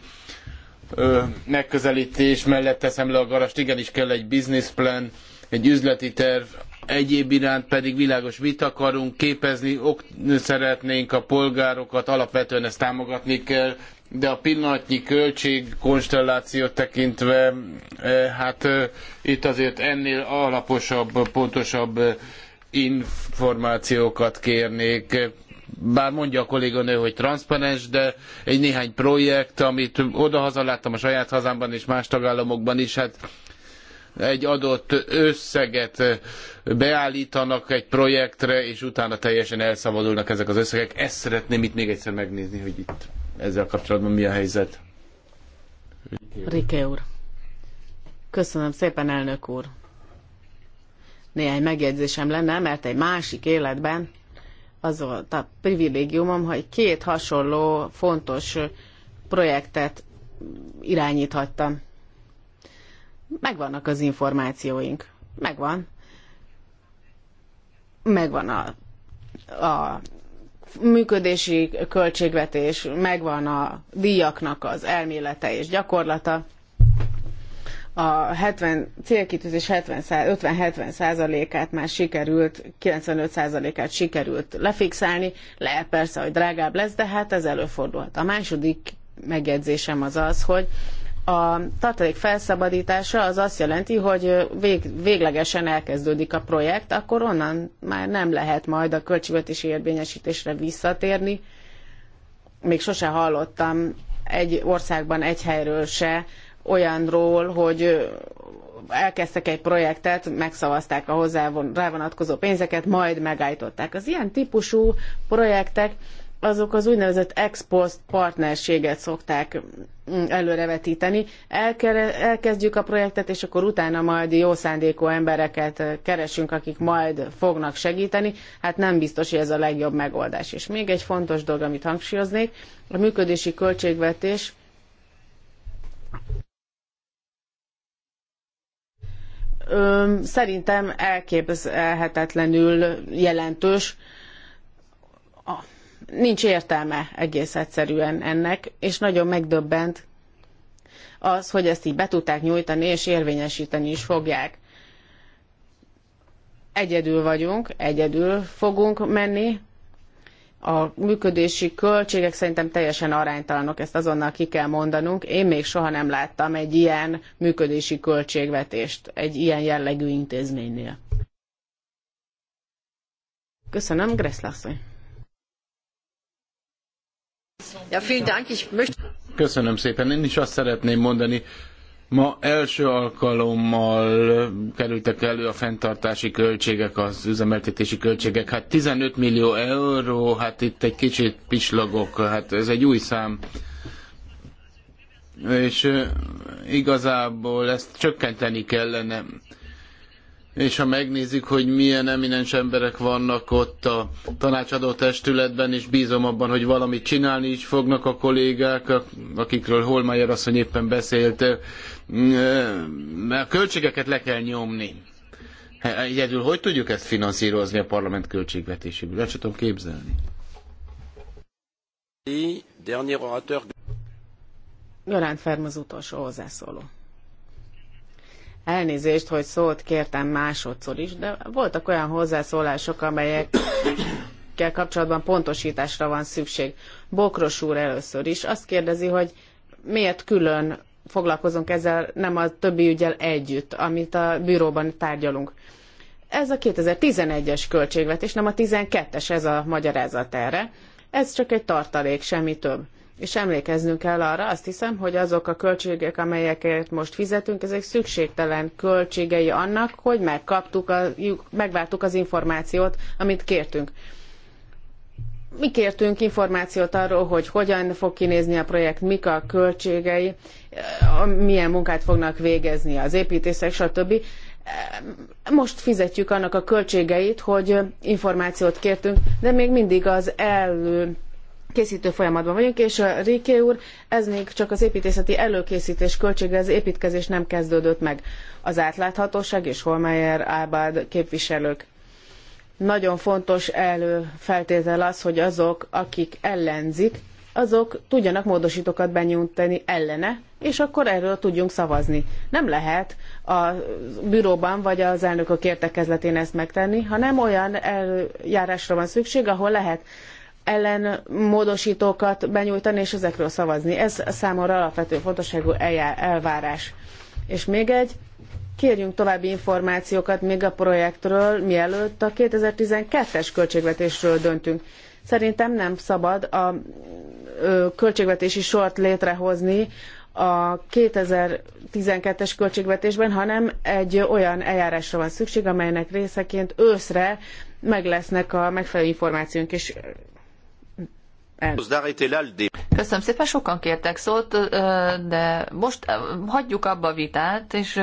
ö, megközelítés mellett teszem le a garast. Igenis kell egy business plan, egy üzleti terv, egyéb iránt pedig világos mit akarunk képezni, ok, szeretnénk a polgárokat, alapvetően ezt támogatni kell, de a pillanatnyi költségkonstellációt tekintve, eh, hát eh, itt azért ennél alaposabb, pontosabb eh, információkat kérnék bár mondja a kolléganő, hogy transzparens, de egy néhány projekt, amit odahaza láttam a saját hazámban és más tagállamokban is, hát egy adott összeget beállítanak egy projektre, és utána teljesen elszabadulnak ezek az összegek. Ezt szeretném itt még egyszer megnézni, hogy itt ezzel kapcsolatban mi a helyzet. Riké úr. Köszönöm szépen, elnök úr. Néhány megjegyzésem lenne, mert egy másik életben az volt a privilégiumom, hogy két hasonló fontos projektet irányíthattam. Megvannak az információink. Megvan. Megvan a, a működési költségvetés, megvan a díjaknak az elmélete és gyakorlata. A 70, célkitűzés 50-70 százalékát már sikerült, 95 százalékát sikerült lefixálni. Lehet persze, hogy drágább lesz, de hát ez előfordulhat. A második megjegyzésem az az, hogy a tartalék felszabadítása az azt jelenti, hogy vég, véglegesen elkezdődik a projekt, akkor onnan már nem lehet majd a költségvetési érvényesítésre visszatérni. Még sose hallottam egy országban egy helyről se olyanról, hogy elkezdtek egy projektet, megszavazták a hozzá rávonatkozó pénzeket, majd megállították. Az ilyen típusú projektek azok az úgynevezett ex post partnerséget szokták mm, előrevetíteni. elkezdjük a projektet, és akkor utána majd jó szándékú embereket keresünk, akik majd fognak segíteni. Hát nem biztos, hogy ez a legjobb megoldás. És még egy fontos dolog, amit hangsúlyoznék, a működési költségvetés szerintem elképzelhetetlenül jelentős, nincs értelme egész egyszerűen ennek, és nagyon megdöbbent az, hogy ezt így be tudták nyújtani, és érvényesíteni is fogják. Egyedül vagyunk, egyedül fogunk menni. A működési költségek szerintem teljesen aránytalanok, ezt azonnal ki kell mondanunk. Én még soha nem láttam egy ilyen működési költségvetést egy ilyen jellegű intézménynél. Köszönöm, Greszlasszony. Ja, vielen Dank. Ich möchte... Köszönöm szépen. Én is azt szeretném mondani, Ma első alkalommal kerültek elő a fenntartási költségek, az üzemeltetési költségek. Hát 15 millió euró, hát itt egy kicsit pislogok, hát ez egy új szám. És igazából ezt csökkenteni kellene és ha megnézzük, hogy milyen eminens emberek vannak ott a tanácsadó testületben, és bízom abban, hogy valamit csinálni is fognak a kollégák, akikről Holmeyer asszony éppen beszélt, mert a költségeket le kell nyomni. Egyedül hogy tudjuk ezt finanszírozni a parlament költségvetéséből? El sem tudom képzelni. Ferm az utolsó hozzászóló. Elnézést, hogy szót kértem másodszor is, de voltak olyan hozzászólások, amelyekkel kapcsolatban pontosításra van szükség. Bokros úr először is azt kérdezi, hogy miért külön foglalkozunk ezzel, nem a többi ügyel együtt, amit a bíróban tárgyalunk. Ez a 2011-es költségvetés, nem a 12-es, ez a magyarázat erre. Ez csak egy tartalék, semmi több. És emlékeznünk kell arra, azt hiszem, hogy azok a költségek, amelyeket most fizetünk, ezek szükségtelen költségei annak, hogy megkaptuk, a, megvártuk az információt, amit kértünk. Mi kértünk információt arról, hogy hogyan fog kinézni a projekt, mik a költségei, milyen munkát fognak végezni az építészek, stb. Most fizetjük annak a költségeit, hogy információt kértünk, de még mindig az elő készítő folyamatban vagyunk, és a Riké úr, ez még csak az építészeti előkészítés költsége, az építkezés nem kezdődött meg. Az átláthatóság és Holmeyer Ábád képviselők. Nagyon fontos előfeltétel az, hogy azok, akik ellenzik, azok tudjanak módosítókat benyújtani ellene, és akkor erről tudjunk szavazni. Nem lehet a büróban vagy az elnökök értekezletén ezt megtenni, hanem olyan eljárásra van szükség, ahol lehet ellen módosítókat benyújtani, és ezekről szavazni. Ez számomra alapvető fontosságú elvárás. És még egy, kérjünk további információkat még a projektről, mielőtt a 2012-es költségvetésről döntünk. Szerintem nem szabad a költségvetési sort létrehozni a 2012-es költségvetésben, hanem egy olyan eljárásra van szükség, amelynek részeként őszre meg lesznek a megfelelő információink, és Köszönöm szépen, sokan kértek szót, de most hagyjuk abba a vitát, és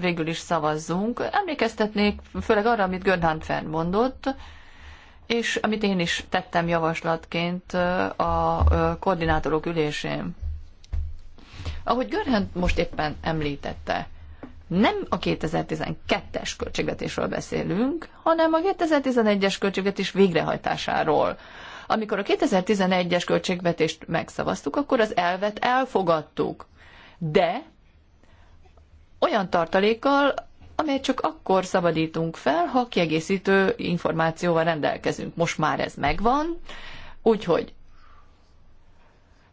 végül is szavazzunk. Emlékeztetnék főleg arra, amit Gönhán Fenn mondott, és amit én is tettem javaslatként a koordinátorok ülésén. Ahogy Görhent most éppen említette, nem a 2012-es költségvetésről beszélünk, hanem a 2011-es költségvetés végrehajtásáról. Amikor a 2011-es költségvetést megszavaztuk, akkor az elvet elfogadtuk. De olyan tartalékkal, amelyet csak akkor szabadítunk fel, ha kiegészítő információval rendelkezünk. Most már ez megvan, úgyhogy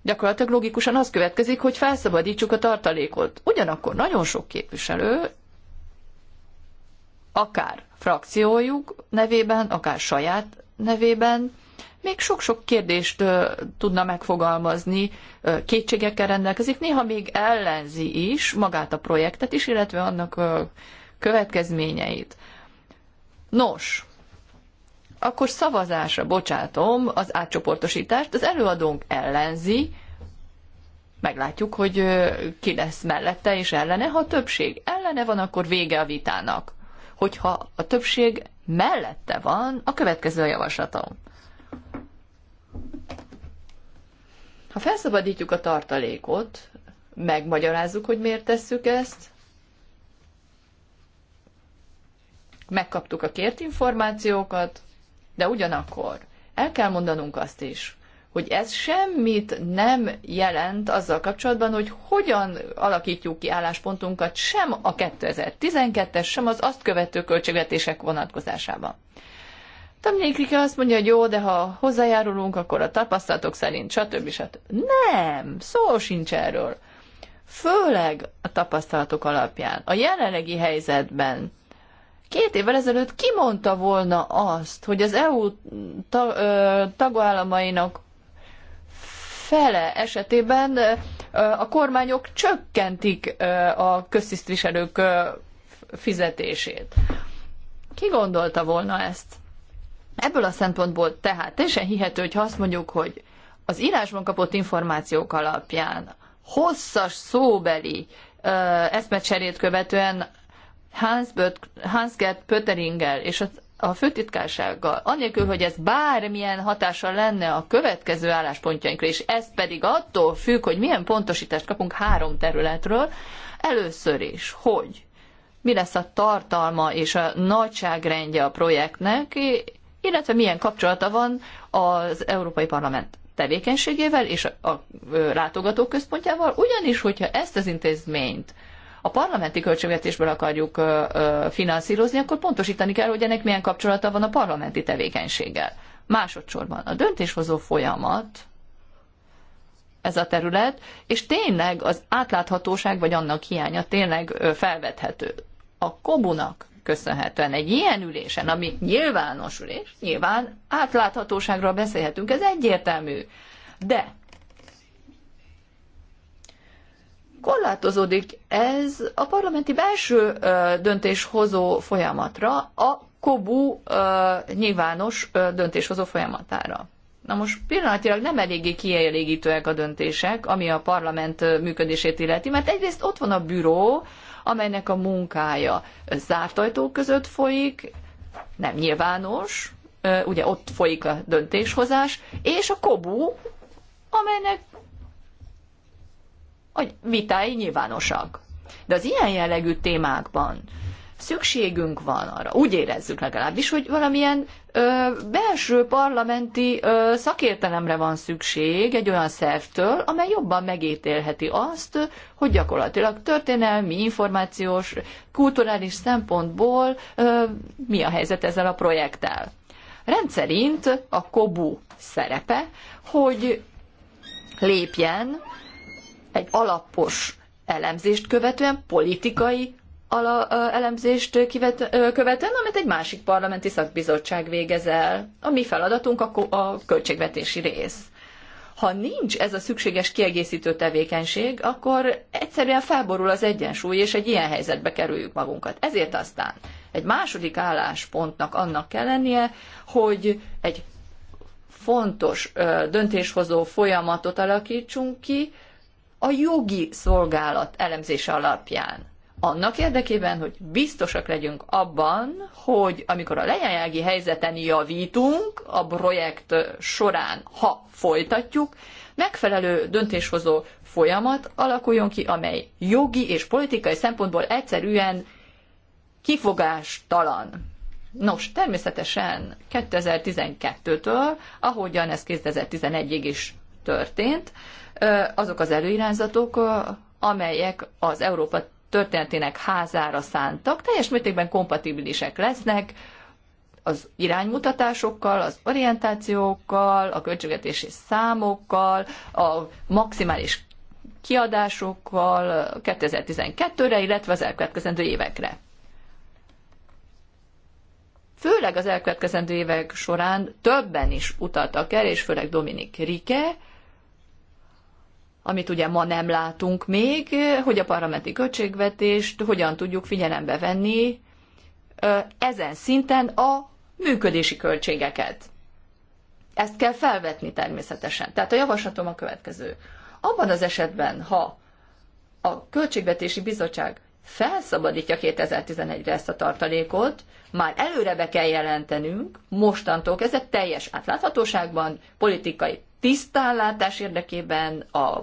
gyakorlatilag logikusan az következik, hogy felszabadítsuk a tartalékot. Ugyanakkor nagyon sok képviselő, akár frakciójuk nevében, akár saját nevében még sok-sok kérdést tudna megfogalmazni, kétségekkel rendelkezik, néha még ellenzi is magát a projektet is, illetve annak következményeit. Nos, akkor szavazásra bocsátom az átcsoportosítást, az előadónk ellenzi, meglátjuk, hogy ki lesz mellette és ellene. Ha a többség ellene van, akkor vége a vitának. Hogyha a többség mellette van, a következő a javaslatom. Ha felszabadítjuk a tartalékot, megmagyarázzuk, hogy miért tesszük ezt, megkaptuk a kért információkat, de ugyanakkor el kell mondanunk azt is, hogy ez semmit nem jelent azzal kapcsolatban, hogy hogyan alakítjuk ki álláspontunkat sem a 2012-es, sem az azt követő költségvetések vonatkozásában. Tamnékrike hát, azt mondja, hogy jó, de ha hozzájárulunk, akkor a tapasztalatok szerint, stb. stb. Nem, szó sincs erről. Főleg a tapasztalatok alapján, a jelenlegi helyzetben. Két évvel ezelőtt kimondta volna azt, hogy az EU ta, ö, tagállamainak fele esetében ö, a kormányok csökkentik ö, a köztisztviselők ö, fizetését. Ki gondolta volna ezt? Ebből a szempontból tehát teljesen hihető, hogy ha azt mondjuk, hogy az írásban kapott információk alapján hosszas szóbeli ö, eszmecserét követően Hans-Gert Pöteringel és a a főtitkársággal, anélkül, hogy ez bármilyen hatása lenne a következő álláspontjainkra, és ez pedig attól függ, hogy milyen pontosítást kapunk három területről, először is, hogy mi lesz a tartalma és a nagyságrendje a projektnek, illetve milyen kapcsolata van az Európai Parlament tevékenységével és a, a látogatók központjával, ugyanis, hogyha ezt az intézményt a parlamenti költségvetésből akarjuk ö, ö, finanszírozni, akkor pontosítani kell, hogy ennek milyen kapcsolata van a parlamenti tevékenységgel. Másodszorban a döntéshozó folyamat ez a terület, és tényleg az átláthatóság vagy annak hiánya tényleg felvethető. A kobunak köszönhetően egy ilyen ülésen, ami nyilvános ülés, nyilván átláthatóságról beszélhetünk, ez egyértelmű. De korlátozódik ez a parlamenti belső döntéshozó folyamatra, a KOBU nyilvános döntéshozó folyamatára. Na most pillanatilag nem eléggé kielégítőek a döntések, ami a parlament működését illeti, mert egyrészt ott van a büró, amelynek a munkája zárt ajtók között folyik, nem nyilvános, ugye ott folyik a döntéshozás, és a kobu, amelynek a vitái nyilvánosak. De az ilyen jellegű témákban, szükségünk van arra, úgy érezzük legalábbis, hogy valamilyen ö, belső parlamenti ö, szakértelemre van szükség egy olyan szervtől, amely jobban megítélheti azt, hogy gyakorlatilag történelmi, információs, kulturális szempontból ö, mi a helyzet ezzel a projekttel. Rendszerint a KOBU szerepe, hogy lépjen egy alapos elemzést követően politikai ala, elemzést kivet, követően, amit egy másik parlamenti szakbizottság végez el. A mi feladatunk a, a költségvetési rész. Ha nincs ez a szükséges kiegészítő tevékenység, akkor egyszerűen felborul az egyensúly, és egy ilyen helyzetbe kerüljük magunkat. Ezért aztán egy második álláspontnak annak kell lennie, hogy egy fontos döntéshozó folyamatot alakítsunk ki a jogi szolgálat elemzése alapján annak érdekében, hogy biztosak legyünk abban, hogy amikor a lejájági helyzeten javítunk a projekt során, ha folytatjuk, megfelelő döntéshozó folyamat alakuljon ki, amely jogi és politikai szempontból egyszerűen kifogástalan. Nos, természetesen 2012-től, ahogyan ez 2011-ig is történt, azok az előirányzatok, amelyek az Európa történetének házára szántak, teljes mértékben kompatibilisek lesznek az iránymutatásokkal, az orientációkkal, a költségvetési számokkal, a maximális kiadásokkal 2012-re, illetve az elkövetkezendő évekre. Főleg az elkövetkezendő évek során többen is utaltak el, és főleg Dominik Rike, amit ugye ma nem látunk még, hogy a parlamenti költségvetést hogyan tudjuk figyelembe venni ezen szinten a működési költségeket. Ezt kell felvetni természetesen. Tehát a javaslatom a következő. Abban az esetben, ha a Költségvetési Bizottság felszabadítja 2011-re ezt a tartalékot, már előre be kell jelentenünk, mostantól kezdve teljes átláthatóságban, politikai tisztánlátás érdekében a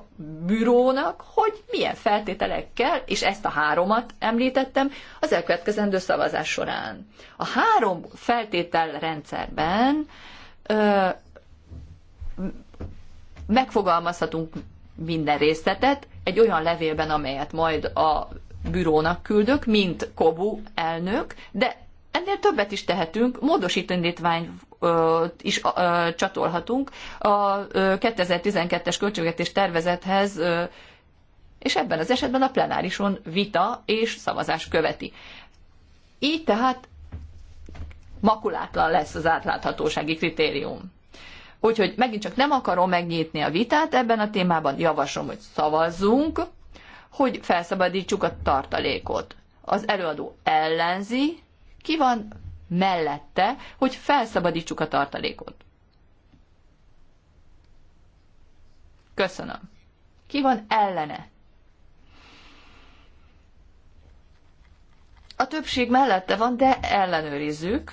bürónak, hogy milyen feltételekkel, és ezt a háromat említettem, az elkövetkezendő szavazás során. A három rendszerben ö, megfogalmazhatunk minden részletet egy olyan levélben, amelyet majd a bürónak küldök, mint Kobu elnök, de ennél többet is tehetünk, módosító indítványt is csatolhatunk a 2012-es költségvetés tervezethez, és ebben az esetben a plenárison vita és szavazás követi. Így tehát makulátlan lesz az átláthatósági kritérium. Úgyhogy megint csak nem akarom megnyitni a vitát ebben a témában, javaslom, hogy szavazzunk, hogy felszabadítsuk a tartalékot. Az előadó ellenzi, ki van mellette, hogy felszabadítsuk a tartalékot. Köszönöm. Ki van ellene? A többség mellette van, de ellenőrizzük.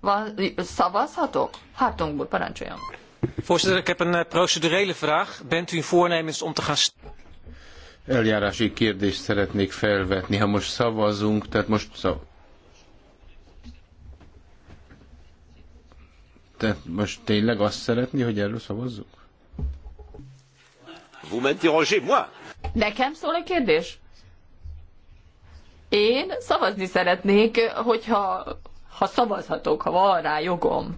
Van, szavazhatok? Hátunkból parancsoljon. Voorzitter, ik heb een eh, procedurele vraag. Bent u voornemens om te gaan Eljárási kérdést szeretnék felvetni. Ha most szavazunk, tehát most szavazunk Tehát most tényleg azt szeretni, hogy erről szavazzuk? Vous m'interrogez, moi? Nekem szól a kérdés? Én szavazni szeretnék, hogyha ha szavazhatok, ha van rá jogom.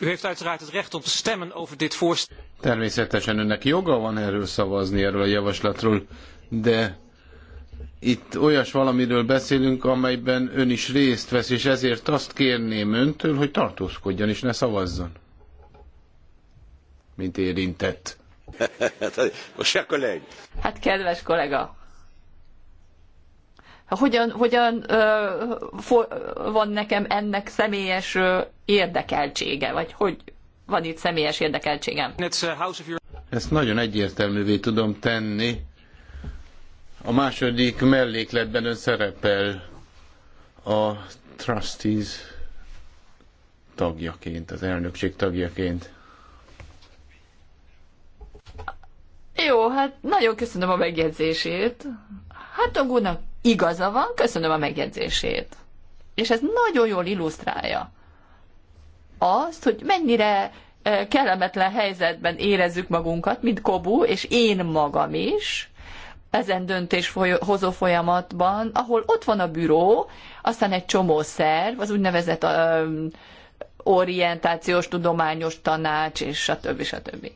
U heeft uiteraard het recht om te stemmen over dit voorstel. Természetesen önnek joga van erről szavazni, erről a javaslatról, de itt olyas valamiről beszélünk, amelyben ön is részt vesz, és ezért azt kérném öntől, hogy tartózkodjon és ne szavazzon. Mint érintett. Hát kedves kollega, hogyan, hogyan ö, fo- van nekem ennek személyes ö, érdekeltsége, vagy hogy van itt személyes érdekeltségem? Ezt nagyon egyértelművé tudom tenni, a második mellékletben ön szerepel a trustees tagjaként, az elnökség tagjaként. Jó, hát nagyon köszönöm a megjegyzését. Hartog hát úrnak igaza van, köszönöm a megjegyzését. És ez nagyon jól illusztrálja azt, hogy mennyire eh, kellemetlen helyzetben érezzük magunkat, mint Kobu, és én magam is, ezen döntéshozó folyamatban, ahol ott van a büró, aztán egy csomó szerv, az úgynevezett um, orientációs, tudományos tanács, és stb. stb.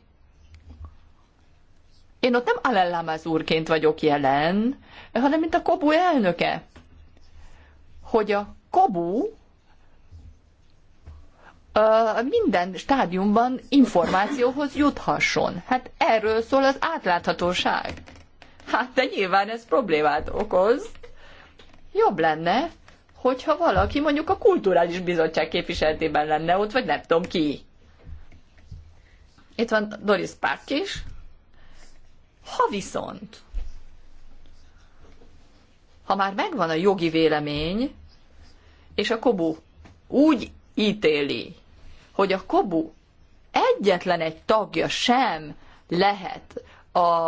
Én ott nem Alellámáz úrként vagyok jelen, hanem mint a Kobu elnöke. Hogy a Kobu minden stádiumban információhoz juthasson. Hát erről szól az átláthatóság. Hát de nyilván ez problémát okoz. Jobb lenne, hogyha valaki mondjuk a kulturális bizottság képviseletében lenne ott, vagy nem tudom ki. Itt van Doris Park is. Ha viszont, ha már megvan a jogi vélemény, és a kobu úgy ítéli, hogy a kobu egyetlen egy tagja sem lehet a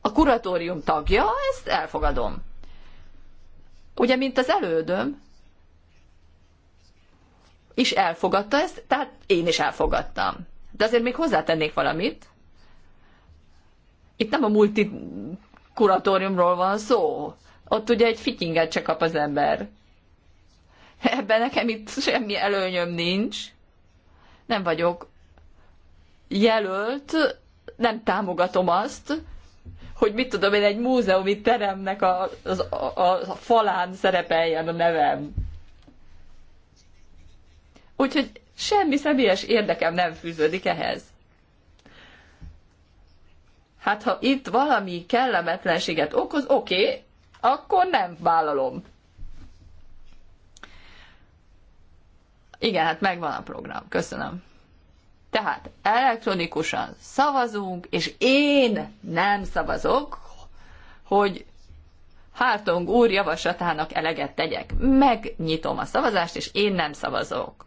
a kuratórium tagja, ezt elfogadom. Ugye, mint az elődöm, is elfogadta ezt, tehát én is elfogadtam. De azért még hozzátennék valamit. Itt nem a multi kuratóriumról van szó. Ott ugye egy fittinget csak kap az ember. Ebben nekem itt semmi előnyöm nincs. Nem vagyok jelölt, nem támogatom azt, hogy mit tudom én, egy múzeumi teremnek a, az, a, a falán szerepeljen a nevem. Úgyhogy semmi személyes érdekem nem fűződik ehhez. Hát ha itt valami kellemetlenséget okoz, oké, okay, akkor nem vállalom. Igen, hát megvan a program. Köszönöm. Tehát elektronikusan szavazunk, és én nem szavazok, hogy Hártong úr javaslatának eleget tegyek. Megnyitom a szavazást, és én nem szavazok.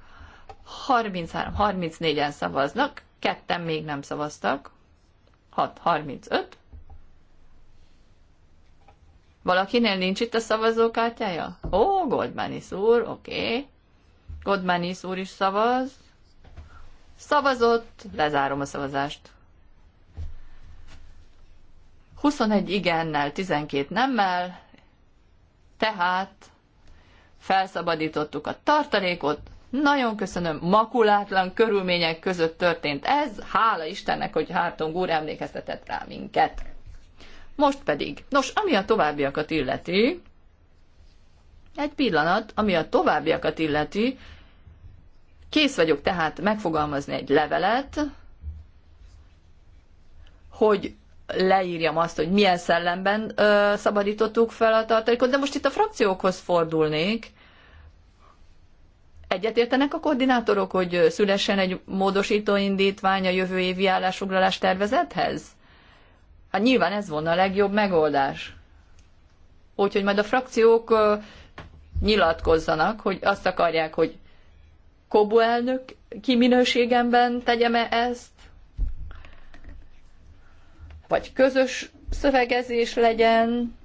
33-34-en szavaznak, ketten még nem szavaztak. 6-35. Valakinél nincs itt a szavazókártyája? Ó, Goldmanis úr, oké. Okay. Goldmanis úr is szavaz. Szavazott, lezárom a szavazást. 21 igennel, 12 nemmel, tehát felszabadítottuk a tartalékot. Nagyon köszönöm, makulátlan körülmények között történt ez. Hála Istennek, hogy Hártong úr emlékeztetett rá minket. Most pedig, nos, ami a továbbiakat illeti, egy pillanat, ami a továbbiakat illeti, Kész vagyok tehát megfogalmazni egy levelet, hogy leírjam azt, hogy milyen szellemben ö, szabadítottuk fel a tartalékot, de most itt a frakciókhoz fordulnék. Egyetértenek a koordinátorok, hogy szülessen egy módosító indítvány a jövő évi állásfoglalás tervezethez? Hát nyilván ez volna a legjobb megoldás. Úgyhogy majd a frakciók ö, nyilatkozzanak, hogy azt akarják, hogy Kobu elnök kiminőségemben tegyem-e ezt, vagy közös szövegezés legyen,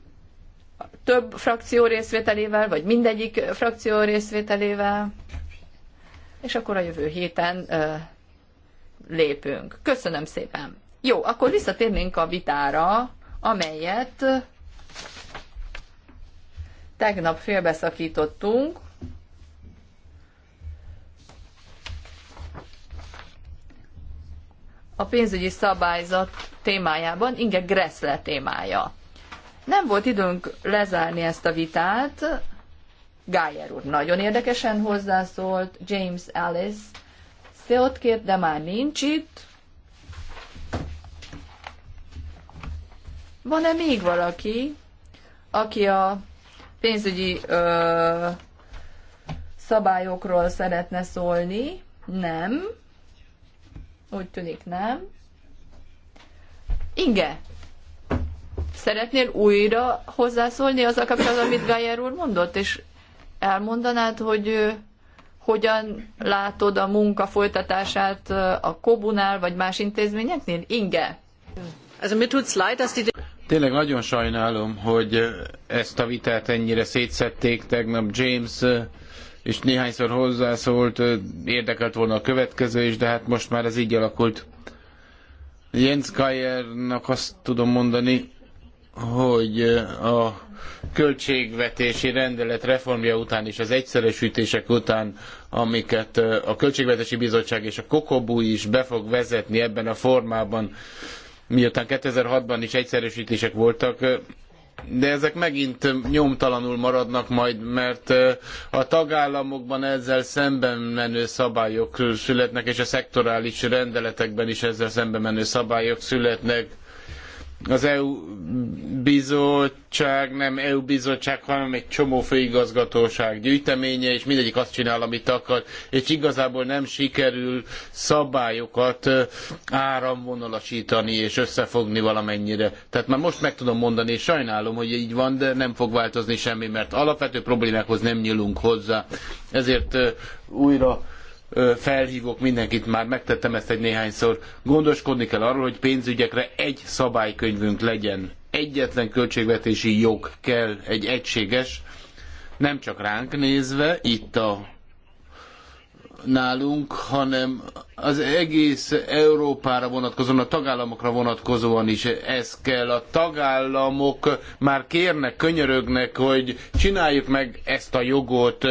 több frakció részvételével, vagy mindegyik frakció részvételével, és akkor a jövő héten ö, lépünk. Köszönöm szépen. Jó, akkor visszatérnénk a vitára, amelyet tegnap félbeszakítottunk. a pénzügyi szabályzat témájában, inge Gressle témája. Nem volt időnk lezárni ezt a vitát, Gájer úr nagyon érdekesen hozzászólt, James Ellis szót kért, de már nincs itt. Van-e még valaki, aki a pénzügyi ö, szabályokról szeretne szólni? Nem. Úgy tűnik nem. Inge, szeretnél újra hozzászólni az a kapcsolatban, amit Gájer úr mondott, és elmondanád, hogy hogyan látod a munka folytatását a Kobunál vagy más intézményeknél? Inge. Tényleg nagyon sajnálom, hogy ezt a vitát ennyire szétszették tegnap. James és néhányszor hozzászólt, érdekelt volna a következő is, de hát most már ez így alakult. Jens Kajernak azt tudom mondani, hogy a költségvetési rendelet reformja után és az egyszeresítések után, amiket a Költségvetési Bizottság és a Kokobú is be fog vezetni ebben a formában, miután 2006-ban is egyszerűsítések voltak, de ezek megint nyomtalanul maradnak majd, mert a tagállamokban ezzel szemben menő szabályok születnek, és a szektorális rendeletekben is ezzel szemben menő szabályok születnek az EU bizottság nem EU bizottság, hanem egy csomó főigazgatóság gyűjteménye, és mindegyik azt csinál, amit akar, és igazából nem sikerül szabályokat áramvonalasítani és összefogni valamennyire. Tehát már most meg tudom mondani, és sajnálom, hogy így van, de nem fog változni semmi, mert alapvető problémákhoz nem nyúlunk hozzá. Ezért újra felhívok mindenkit, már megtettem ezt egy néhányszor, gondoskodni kell arról, hogy pénzügyekre egy szabálykönyvünk legyen. Egyetlen költségvetési jog kell, egy egységes, nem csak ránk nézve, itt a nálunk, hanem az egész Európára vonatkozóan, a tagállamokra vonatkozóan is ez kell. A tagállamok már kérnek, könyörögnek, hogy csináljuk meg ezt a jogot,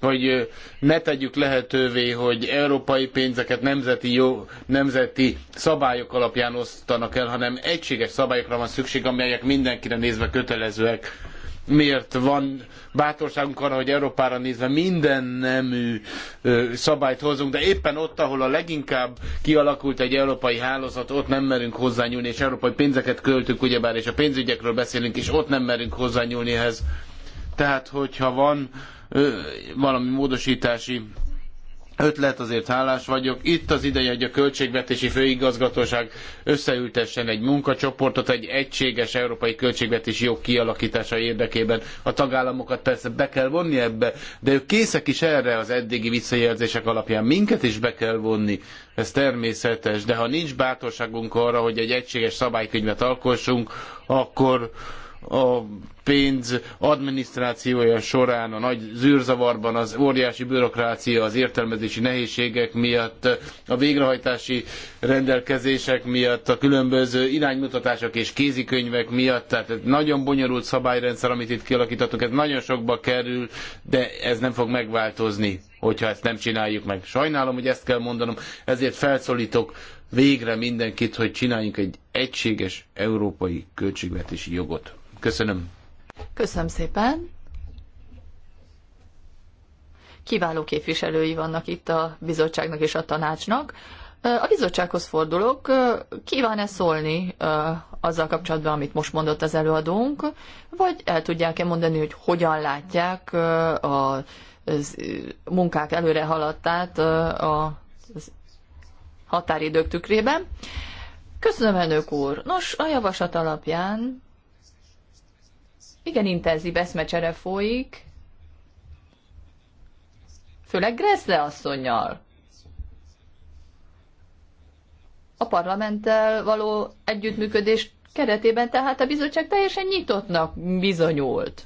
hogy ne tegyük lehetővé, hogy európai pénzeket nemzeti, jó, nemzeti szabályok alapján osztanak el, hanem egységes szabályokra van szükség, amelyek mindenkire nézve kötelezőek miért van bátorságunk arra, hogy Európára nézve minden nemű szabályt hozunk, de éppen ott, ahol a leginkább kialakult egy európai hálózat, ott nem merünk hozzányúlni, és európai pénzeket költünk, ugyebár, és a pénzügyekről beszélünk, és ott nem merünk hozzányúlni ehhez. Tehát, hogyha van valami módosítási ötlet, azért hálás vagyok. Itt az ideje, hogy a Költségvetési Főigazgatóság összeültessen egy munkacsoportot egy egységes európai költségvetési jog kialakítása érdekében. A tagállamokat persze be kell vonni ebbe, de ők készek is erre az eddigi visszajelzések alapján. Minket is be kell vonni, ez természetes, de ha nincs bátorságunk arra, hogy egy egységes szabálykönyvet alkossunk, akkor a pénz adminisztrációja során a nagy zűrzavarban, az óriási bürokrácia, az értelmezési nehézségek miatt, a végrehajtási rendelkezések miatt, a különböző iránymutatások és kézikönyvek miatt, tehát egy nagyon bonyolult szabályrendszer, amit itt kialakítottunk, ez nagyon sokba kerül, de ez nem fog megváltozni, hogyha ezt nem csináljuk meg. Sajnálom, hogy ezt kell mondanom, ezért felszólítok végre mindenkit, hogy csináljunk egy egységes európai költségvetési jogot. Köszönöm. Köszönöm szépen. Kiváló képviselői vannak itt a bizottságnak és a tanácsnak. A bizottsághoz fordulok. Kíván-e szólni azzal kapcsolatban, amit most mondott az előadónk, vagy el tudják-e mondani, hogy hogyan látják a munkák előre haladtát a határidők tükrében? Köszönöm, elnök úr. Nos, a javaslat alapján igen intenzív eszmecsere folyik, főleg Gressle asszonynal. A parlamenttel való együttműködés keretében tehát a bizottság teljesen nyitottnak bizonyult.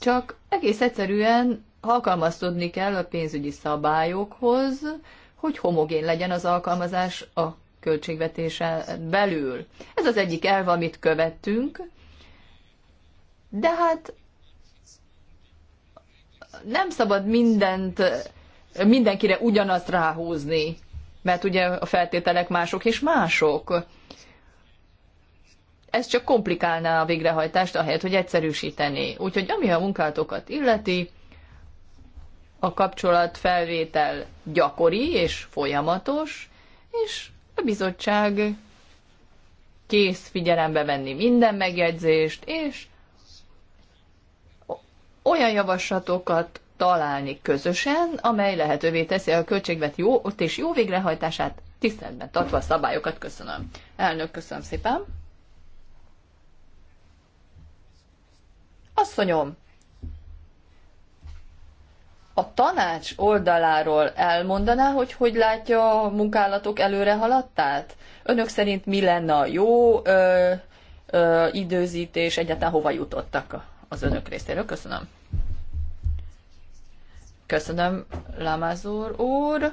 Csak egész egyszerűen alkalmazkodni kell a pénzügyi szabályokhoz, hogy homogén legyen az alkalmazás a költségvetésen belül. Ez az egyik elv, amit követtünk, de hát nem szabad mindent, mindenkire ugyanazt ráhúzni, mert ugye a feltételek mások és mások. Ez csak komplikálná a végrehajtást, ahelyett, hogy egyszerűsítené. Úgyhogy ami a munkátokat illeti, a kapcsolatfelvétel gyakori és folyamatos, és a bizottság kész figyelembe venni minden megjegyzést, és olyan javaslatokat találni közösen, amely lehetővé teszi a költségvet jó, ott és jó végrehajtását, tiszteletben tartva a szabályokat. Köszönöm. Elnök, köszönöm szépen. Asszonyom, a tanács oldaláról elmondaná, hogy hogy látja a munkálatok előre haladtát? Önök szerint mi lenne a jó ö, ö, időzítés, egyáltalán hova jutottak az önök részéről? Köszönöm. Köszönöm, Lamazur úr.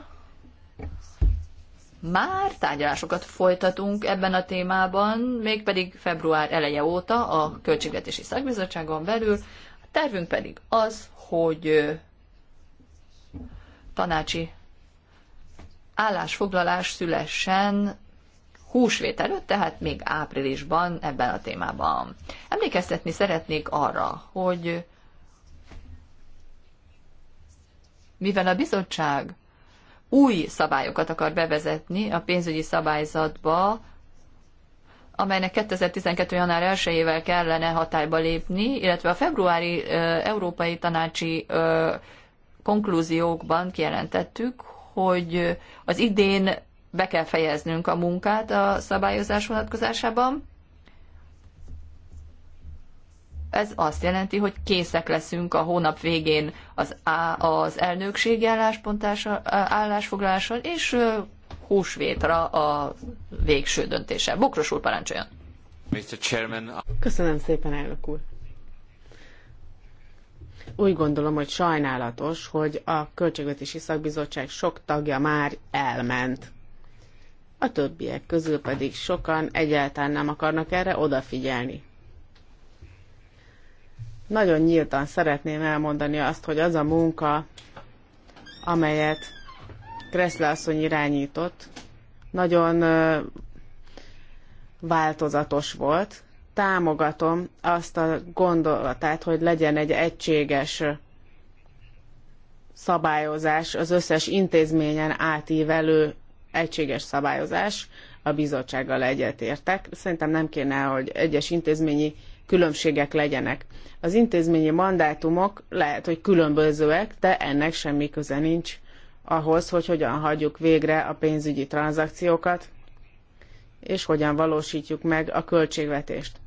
Már tárgyalásokat folytatunk ebben a témában, mégpedig február eleje óta a Költségvetési Szakbizottságon belül. A tervünk pedig az, hogy tanácsi állásfoglalás szülessen húsvét előtt, tehát még áprilisban ebben a témában. Emlékeztetni szeretnék arra, hogy mivel a bizottság új szabályokat akar bevezetni a pénzügyi szabályzatba, amelynek 2012. január 1-ével kellene hatályba lépni, illetve a februári Európai Tanácsi konklúziókban kijelentettük, hogy az idén be kell fejeznünk a munkát a szabályozás vonatkozásában. Ez azt jelenti, hogy készek leszünk a hónap végén az, az elnökségi állásfoglaláson, és húsvétra a végső döntése. Bokros úr, parancsoljon! Mr. Chairman. Köszönöm szépen, elnök úr! Úgy gondolom, hogy sajnálatos, hogy a Költségvetési Szakbizottság sok tagja már elment. A többiek közül pedig sokan egyáltalán nem akarnak erre odafigyelni. Nagyon nyíltan szeretném elmondani azt, hogy az a munka, amelyet Kreszle asszony irányított, nagyon változatos volt, támogatom azt a gondolatát, hogy legyen egy egységes szabályozás, az összes intézményen átívelő egységes szabályozás, a bizottsággal egyetértek. Szerintem nem kéne, hogy egyes intézményi különbségek legyenek. Az intézményi mandátumok lehet, hogy különbözőek, de ennek semmi köze nincs ahhoz, hogy hogyan hagyjuk végre a pénzügyi tranzakciókat, és hogyan valósítjuk meg a költségvetést.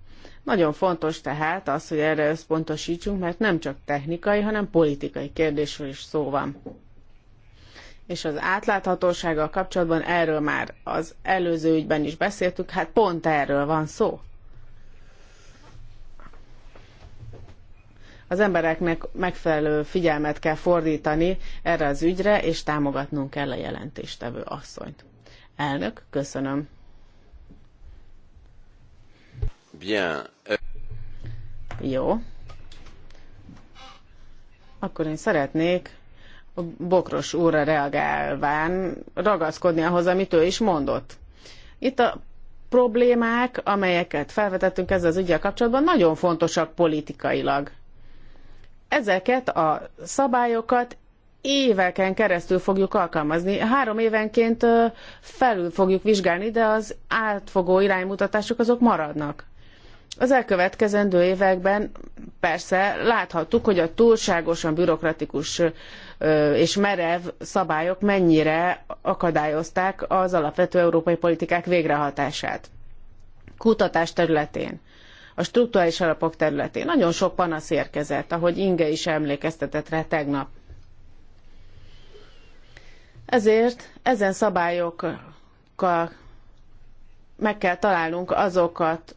Nagyon fontos tehát az, hogy erre összpontosítsunk, mert nem csak technikai, hanem politikai kérdésről is szó van. És az átláthatósággal kapcsolatban erről már az előző ügyben is beszéltük, hát pont erről van szó. az embereknek megfelelő figyelmet kell fordítani erre az ügyre, és támogatnunk kell a jelentéstevő asszonyt. Elnök, köszönöm. Bien. Jó. Akkor én szeretnék a Bokros úrra reagálván ragaszkodni ahhoz, amit ő is mondott. Itt a problémák, amelyeket felvetettünk ezzel az ügyel kapcsolatban, nagyon fontosak politikailag. Ezeket a szabályokat éveken keresztül fogjuk alkalmazni. Három évenként felül fogjuk vizsgálni, de az átfogó iránymutatások azok maradnak. Az elkövetkezendő években persze láthattuk, hogy a túlságosan bürokratikus és merev szabályok mennyire akadályozták az alapvető európai politikák végrehatását. Kutatás területén, a strukturális alapok területén nagyon sok panasz érkezett, ahogy Inge is emlékeztetett rá tegnap. Ezért ezen szabályokkal meg kell találnunk azokat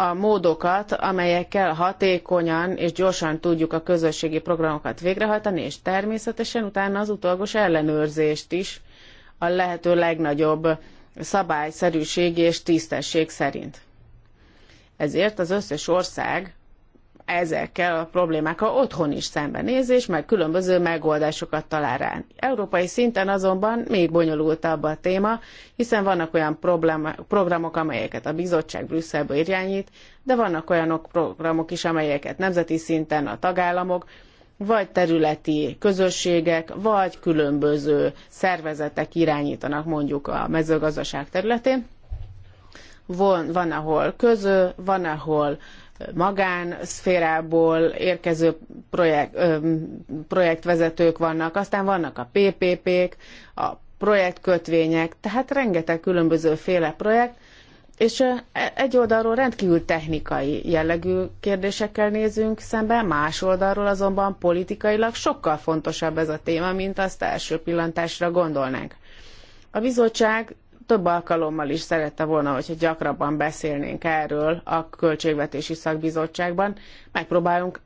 a módokat, amelyekkel hatékonyan és gyorsan tudjuk a közösségi programokat végrehajtani, és természetesen utána az utolgos ellenőrzést is a lehető legnagyobb szabályszerűség és tisztesség szerint. Ezért az összes ország ezekkel a problémákkal otthon is szembenéz, és meg különböző megoldásokat talál rá. Európai szinten azonban még bonyolultabb a téma, hiszen vannak olyan programok, amelyeket a bizottság Brüsszelből irányít, de vannak olyanok programok is, amelyeket nemzeti szinten a tagállamok, vagy területi közösségek, vagy különböző szervezetek irányítanak mondjuk a mezőgazdaság területén. Van, van ahol közö, van ahol magánszférából érkező projekt, projektvezetők vannak, aztán vannak a PPP-k, a projektkötvények, tehát rengeteg különböző féle projekt, és e, egy oldalról rendkívül technikai jellegű kérdésekkel nézünk szembe, más oldalról azonban politikailag sokkal fontosabb ez a téma, mint azt első pillantásra gondolnánk. A bizottság több alkalommal is szerette volna, hogyha gyakrabban beszélnénk erről a Költségvetési Szakbizottságban. Megpróbálunk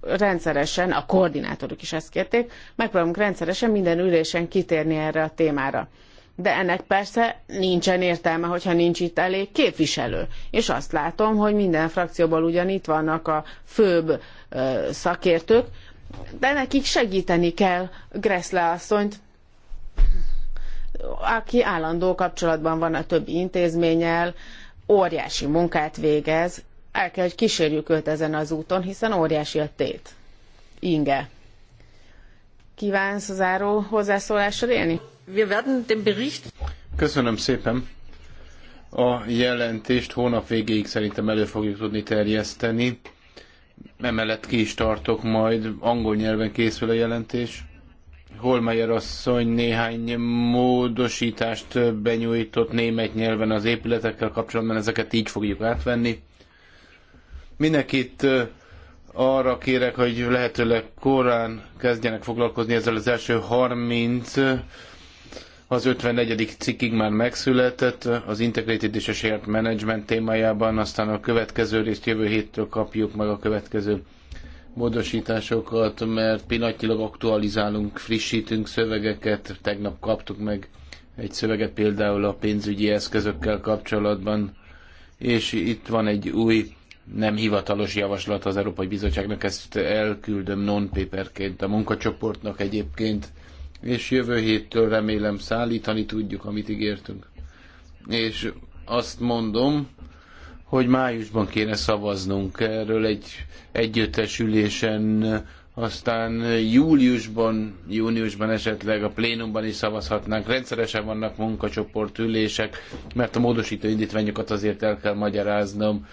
rendszeresen, a koordinátorok is ezt kérték, megpróbálunk rendszeresen minden ülésen kitérni erre a témára. De ennek persze nincsen értelme, hogyha nincs itt elég képviselő. És azt látom, hogy minden frakcióból ugyan itt vannak a főbb szakértők, de nekik segíteni kell Gressle asszonyt, aki állandó kapcsolatban van a többi intézménnyel, óriási munkát végez, el kell, hogy kísérjük őt ezen az úton, hiszen óriási a tét. Inge. Kívánsz záró hozzászólással élni? Köszönöm szépen. A jelentést hónap végéig szerintem elő fogjuk tudni terjeszteni. Emellett ki is tartok majd, angol nyelven készül a jelentés. Holmeyer asszony néhány módosítást benyújtott német nyelven az épületekkel kapcsolatban, ezeket így fogjuk átvenni. Mindenkit arra kérek, hogy lehetőleg korán kezdjenek foglalkozni ezzel az első 30 az 54. cikkig már megszületett az Integrated és a Shared Management témájában, aztán a következő részt jövő héttől kapjuk meg a következő módosításokat, mert pillanatilag aktualizálunk, frissítünk szövegeket. Tegnap kaptuk meg egy szöveget például a pénzügyi eszközökkel kapcsolatban, és itt van egy új nem hivatalos javaslat az Európai Bizottságnak, ezt elküldöm non-paperként a munkacsoportnak egyébként, és jövő héttől remélem szállítani tudjuk, amit ígértünk. És azt mondom, hogy májusban kéne szavaznunk erről egy együttes ülésen, aztán júliusban, júniusban esetleg a plénumban is szavazhatnánk. Rendszeresen vannak munkacsoport ülések, mert a módosító indítványokat azért el kell magyaráznom.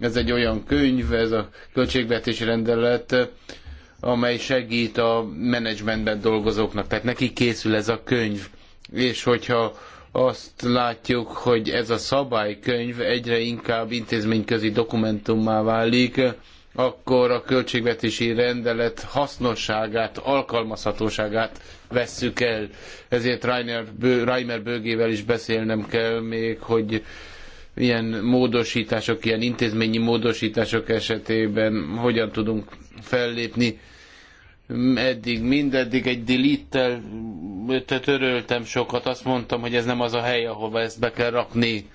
Ez egy olyan könyv, ez a költségvetési rendelet, amely segít a menedzsmentben dolgozóknak. Tehát neki készül ez a könyv. És hogyha azt látjuk, hogy ez a szabálykönyv egyre inkább intézményközi dokumentummá válik, akkor a költségvetési rendelet hasznosságát, alkalmazhatóságát vesszük el. Ezért Reiner, Bő, Reimer bőgével is beszélnem kell még, hogy ilyen módosítások, ilyen intézményi módosítások esetében hogyan tudunk fellépni eddig mindeddig egy delete-tel töröltem sokat, azt mondtam, hogy ez nem az a hely, ahova ezt be kell rakni.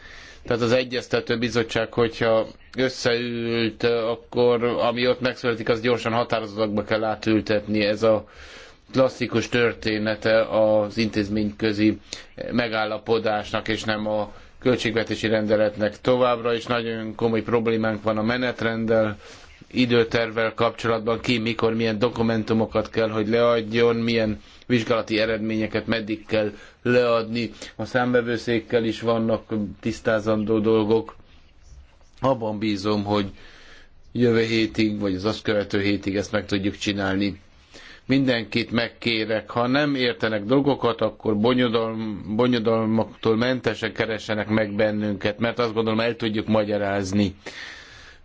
Tehát az egyeztető bizottság, hogyha összeült, akkor ami ott megszületik, az gyorsan határozatokba kell átültetni. Ez a klasszikus története az intézményközi megállapodásnak, és nem a költségvetési rendeletnek továbbra is nagyon komoly problémánk van a menetrenddel, időtervvel kapcsolatban ki, mikor, milyen dokumentumokat kell, hogy leadjon, milyen vizsgálati eredményeket meddig kell leadni. A számbevőszékkel is vannak tisztázandó dolgok. Abban bízom, hogy jövő hétig, vagy az azt követő hétig ezt meg tudjuk csinálni. Mindenkit megkérek, ha nem értenek dolgokat, akkor bonyodalm, bonyodalmaktól mentesen keresenek meg bennünket, mert azt gondolom el tudjuk magyarázni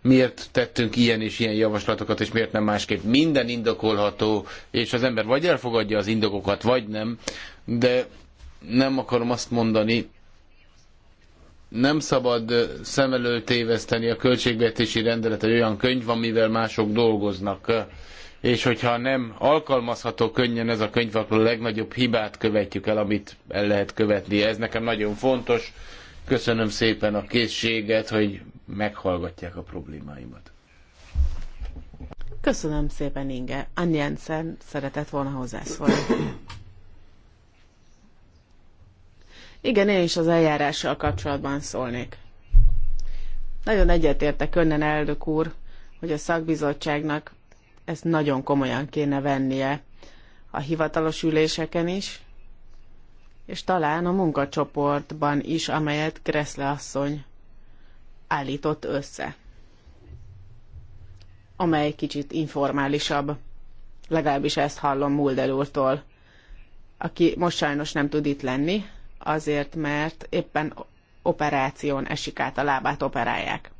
miért tettünk ilyen és ilyen javaslatokat, és miért nem másképp. Minden indokolható, és az ember vagy elfogadja az indokokat, vagy nem, de nem akarom azt mondani, nem szabad szem elől téveszteni a költségvetési rendelet, hogy olyan könyv, amivel mások dolgoznak. És hogyha nem alkalmazható könnyen ez a könyv, akkor a legnagyobb hibát követjük el, amit el lehet követni. Ez nekem nagyon fontos. Köszönöm szépen a készséget, hogy meghallgatják a problémáimat. Köszönöm szépen, Inge. Annyi Jensen szeretett volna hozzászólni. Igen, én is az eljárással kapcsolatban szólnék. Nagyon egyetértek önnen, elnök úr, hogy a szakbizottságnak ezt nagyon komolyan kéne vennie a hivatalos üléseken is, és talán a munkacsoportban is, amelyet Kreszle asszony állított össze, amely kicsit informálisabb. Legalábbis ezt hallom Mulder úrtól, aki most sajnos nem tud itt lenni, azért mert éppen operáción esik át a lábát, operálják.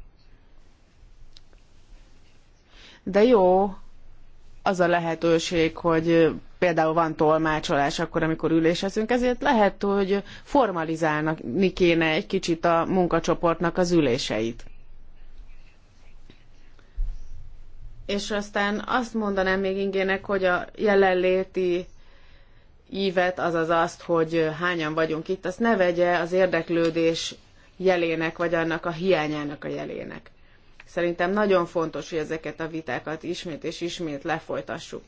De jó, az a lehetőség, hogy például van tolmácsolás akkor, amikor ülésezünk, ezért lehet, hogy formalizálni kéne egy kicsit a munkacsoportnak az üléseit. És aztán azt mondanám még ingének, hogy a jelenléti ívet, azaz azt, hogy hányan vagyunk itt, azt ne vegye az érdeklődés jelének, vagy annak a hiányának a jelének. Szerintem nagyon fontos, hogy ezeket a vitákat ismét és ismét lefolytassuk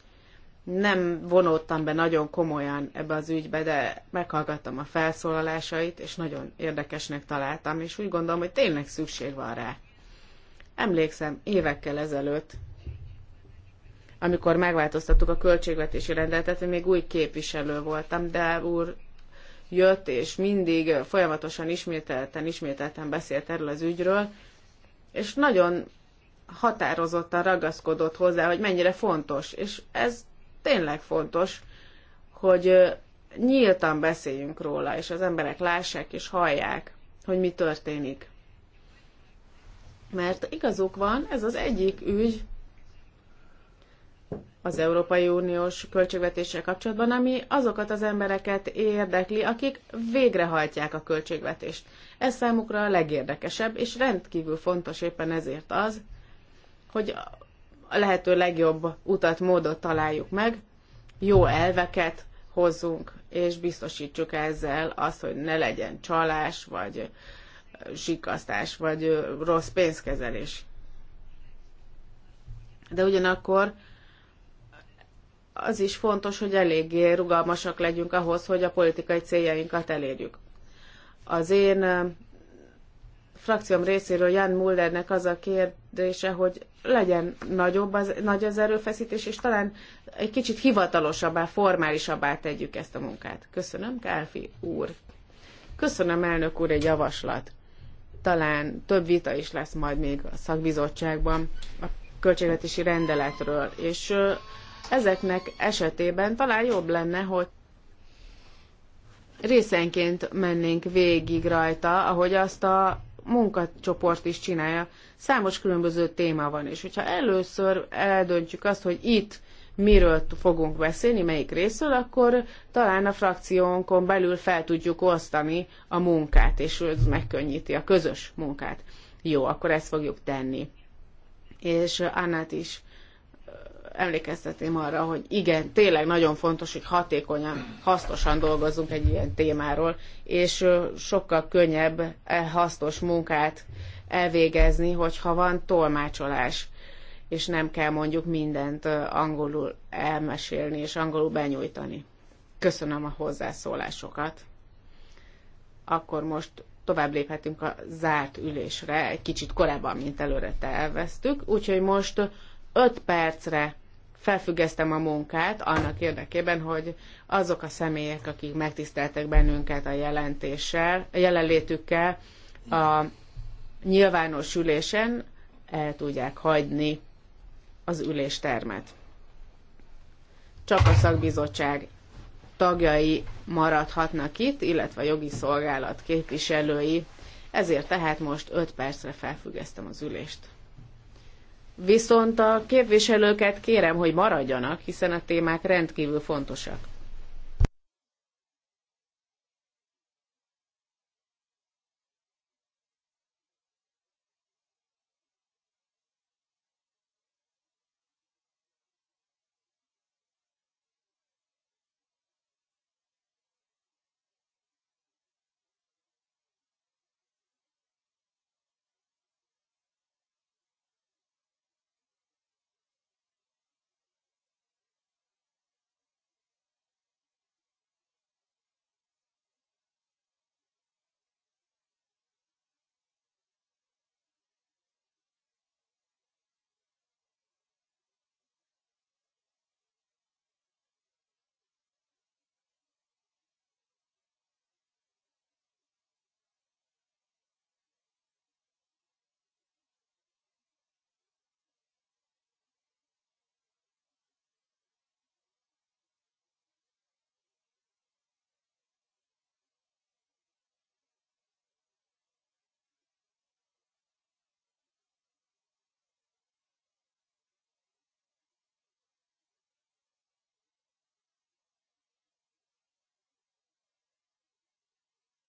nem vonódtam be nagyon komolyan ebbe az ügybe, de meghallgattam a felszólalásait, és nagyon érdekesnek találtam, és úgy gondolom, hogy tényleg szükség van rá. Emlékszem, évekkel ezelőtt, amikor megváltoztattuk a költségvetési rendeletet, még új képviselő voltam, de úr jött, és mindig folyamatosan ismételten, ismételten beszélt erről az ügyről, és nagyon határozottan ragaszkodott hozzá, hogy mennyire fontos, és ez tényleg fontos, hogy nyíltan beszéljünk róla, és az emberek lássák és hallják, hogy mi történik. Mert igazuk van, ez az egyik ügy az Európai Uniós költségvetéssel kapcsolatban, ami azokat az embereket érdekli, akik végrehajtják a költségvetést. Ez számukra a legérdekesebb, és rendkívül fontos éppen ezért az, hogy a lehető legjobb utat, módot találjuk meg, jó elveket hozzunk, és biztosítsuk ezzel azt, hogy ne legyen csalás, vagy sikasztás, vagy rossz pénzkezelés. De ugyanakkor az is fontos, hogy eléggé rugalmasak legyünk ahhoz, hogy a politikai céljainkat elérjük. Az én frakcióm részéről Jan Mullernek az a kérdése, hogy legyen nagyobb az, nagy az erőfeszítés, és talán egy kicsit hivatalosabbá, formálisabbá tegyük ezt a munkát. Köszönöm, Kálfi úr. Köszönöm, elnök úr, egy javaslat. Talán több vita is lesz majd még a szakbizottságban a költségvetési rendeletről, és ezeknek esetében talán jobb lenne, hogy részenként mennénk végig rajta, ahogy azt a munkacsoport is csinálja. Számos különböző téma van, és hogyha először eldöntjük azt, hogy itt miről fogunk beszélni, melyik részről, akkor talán a frakciónkon belül fel tudjuk osztani a munkát, és ez megkönnyíti a közös munkát. Jó, akkor ezt fogjuk tenni. És Annát is emlékeztetném arra, hogy igen, tényleg nagyon fontos, hogy hatékonyan, hasznosan dolgozzunk egy ilyen témáról, és sokkal könnyebb e hasznos munkát elvégezni, hogyha van tolmácsolás, és nem kell mondjuk mindent angolul elmesélni és angolul benyújtani. Köszönöm a hozzászólásokat. Akkor most tovább léphetünk a zárt ülésre, egy kicsit korábban, mint előre terveztük, úgyhogy most 5 percre felfüggesztem a munkát annak érdekében, hogy azok a személyek, akik megtiszteltek bennünket a jelentéssel, a jelenlétükkel a nyilvános ülésen el tudják hagyni az üléstermet. Csak a szakbizottság tagjai maradhatnak itt, illetve a jogi szolgálat képviselői, ezért tehát most 5 percre felfüggesztem az ülést. Viszont a képviselőket kérem, hogy maradjanak, hiszen a témák rendkívül fontosak.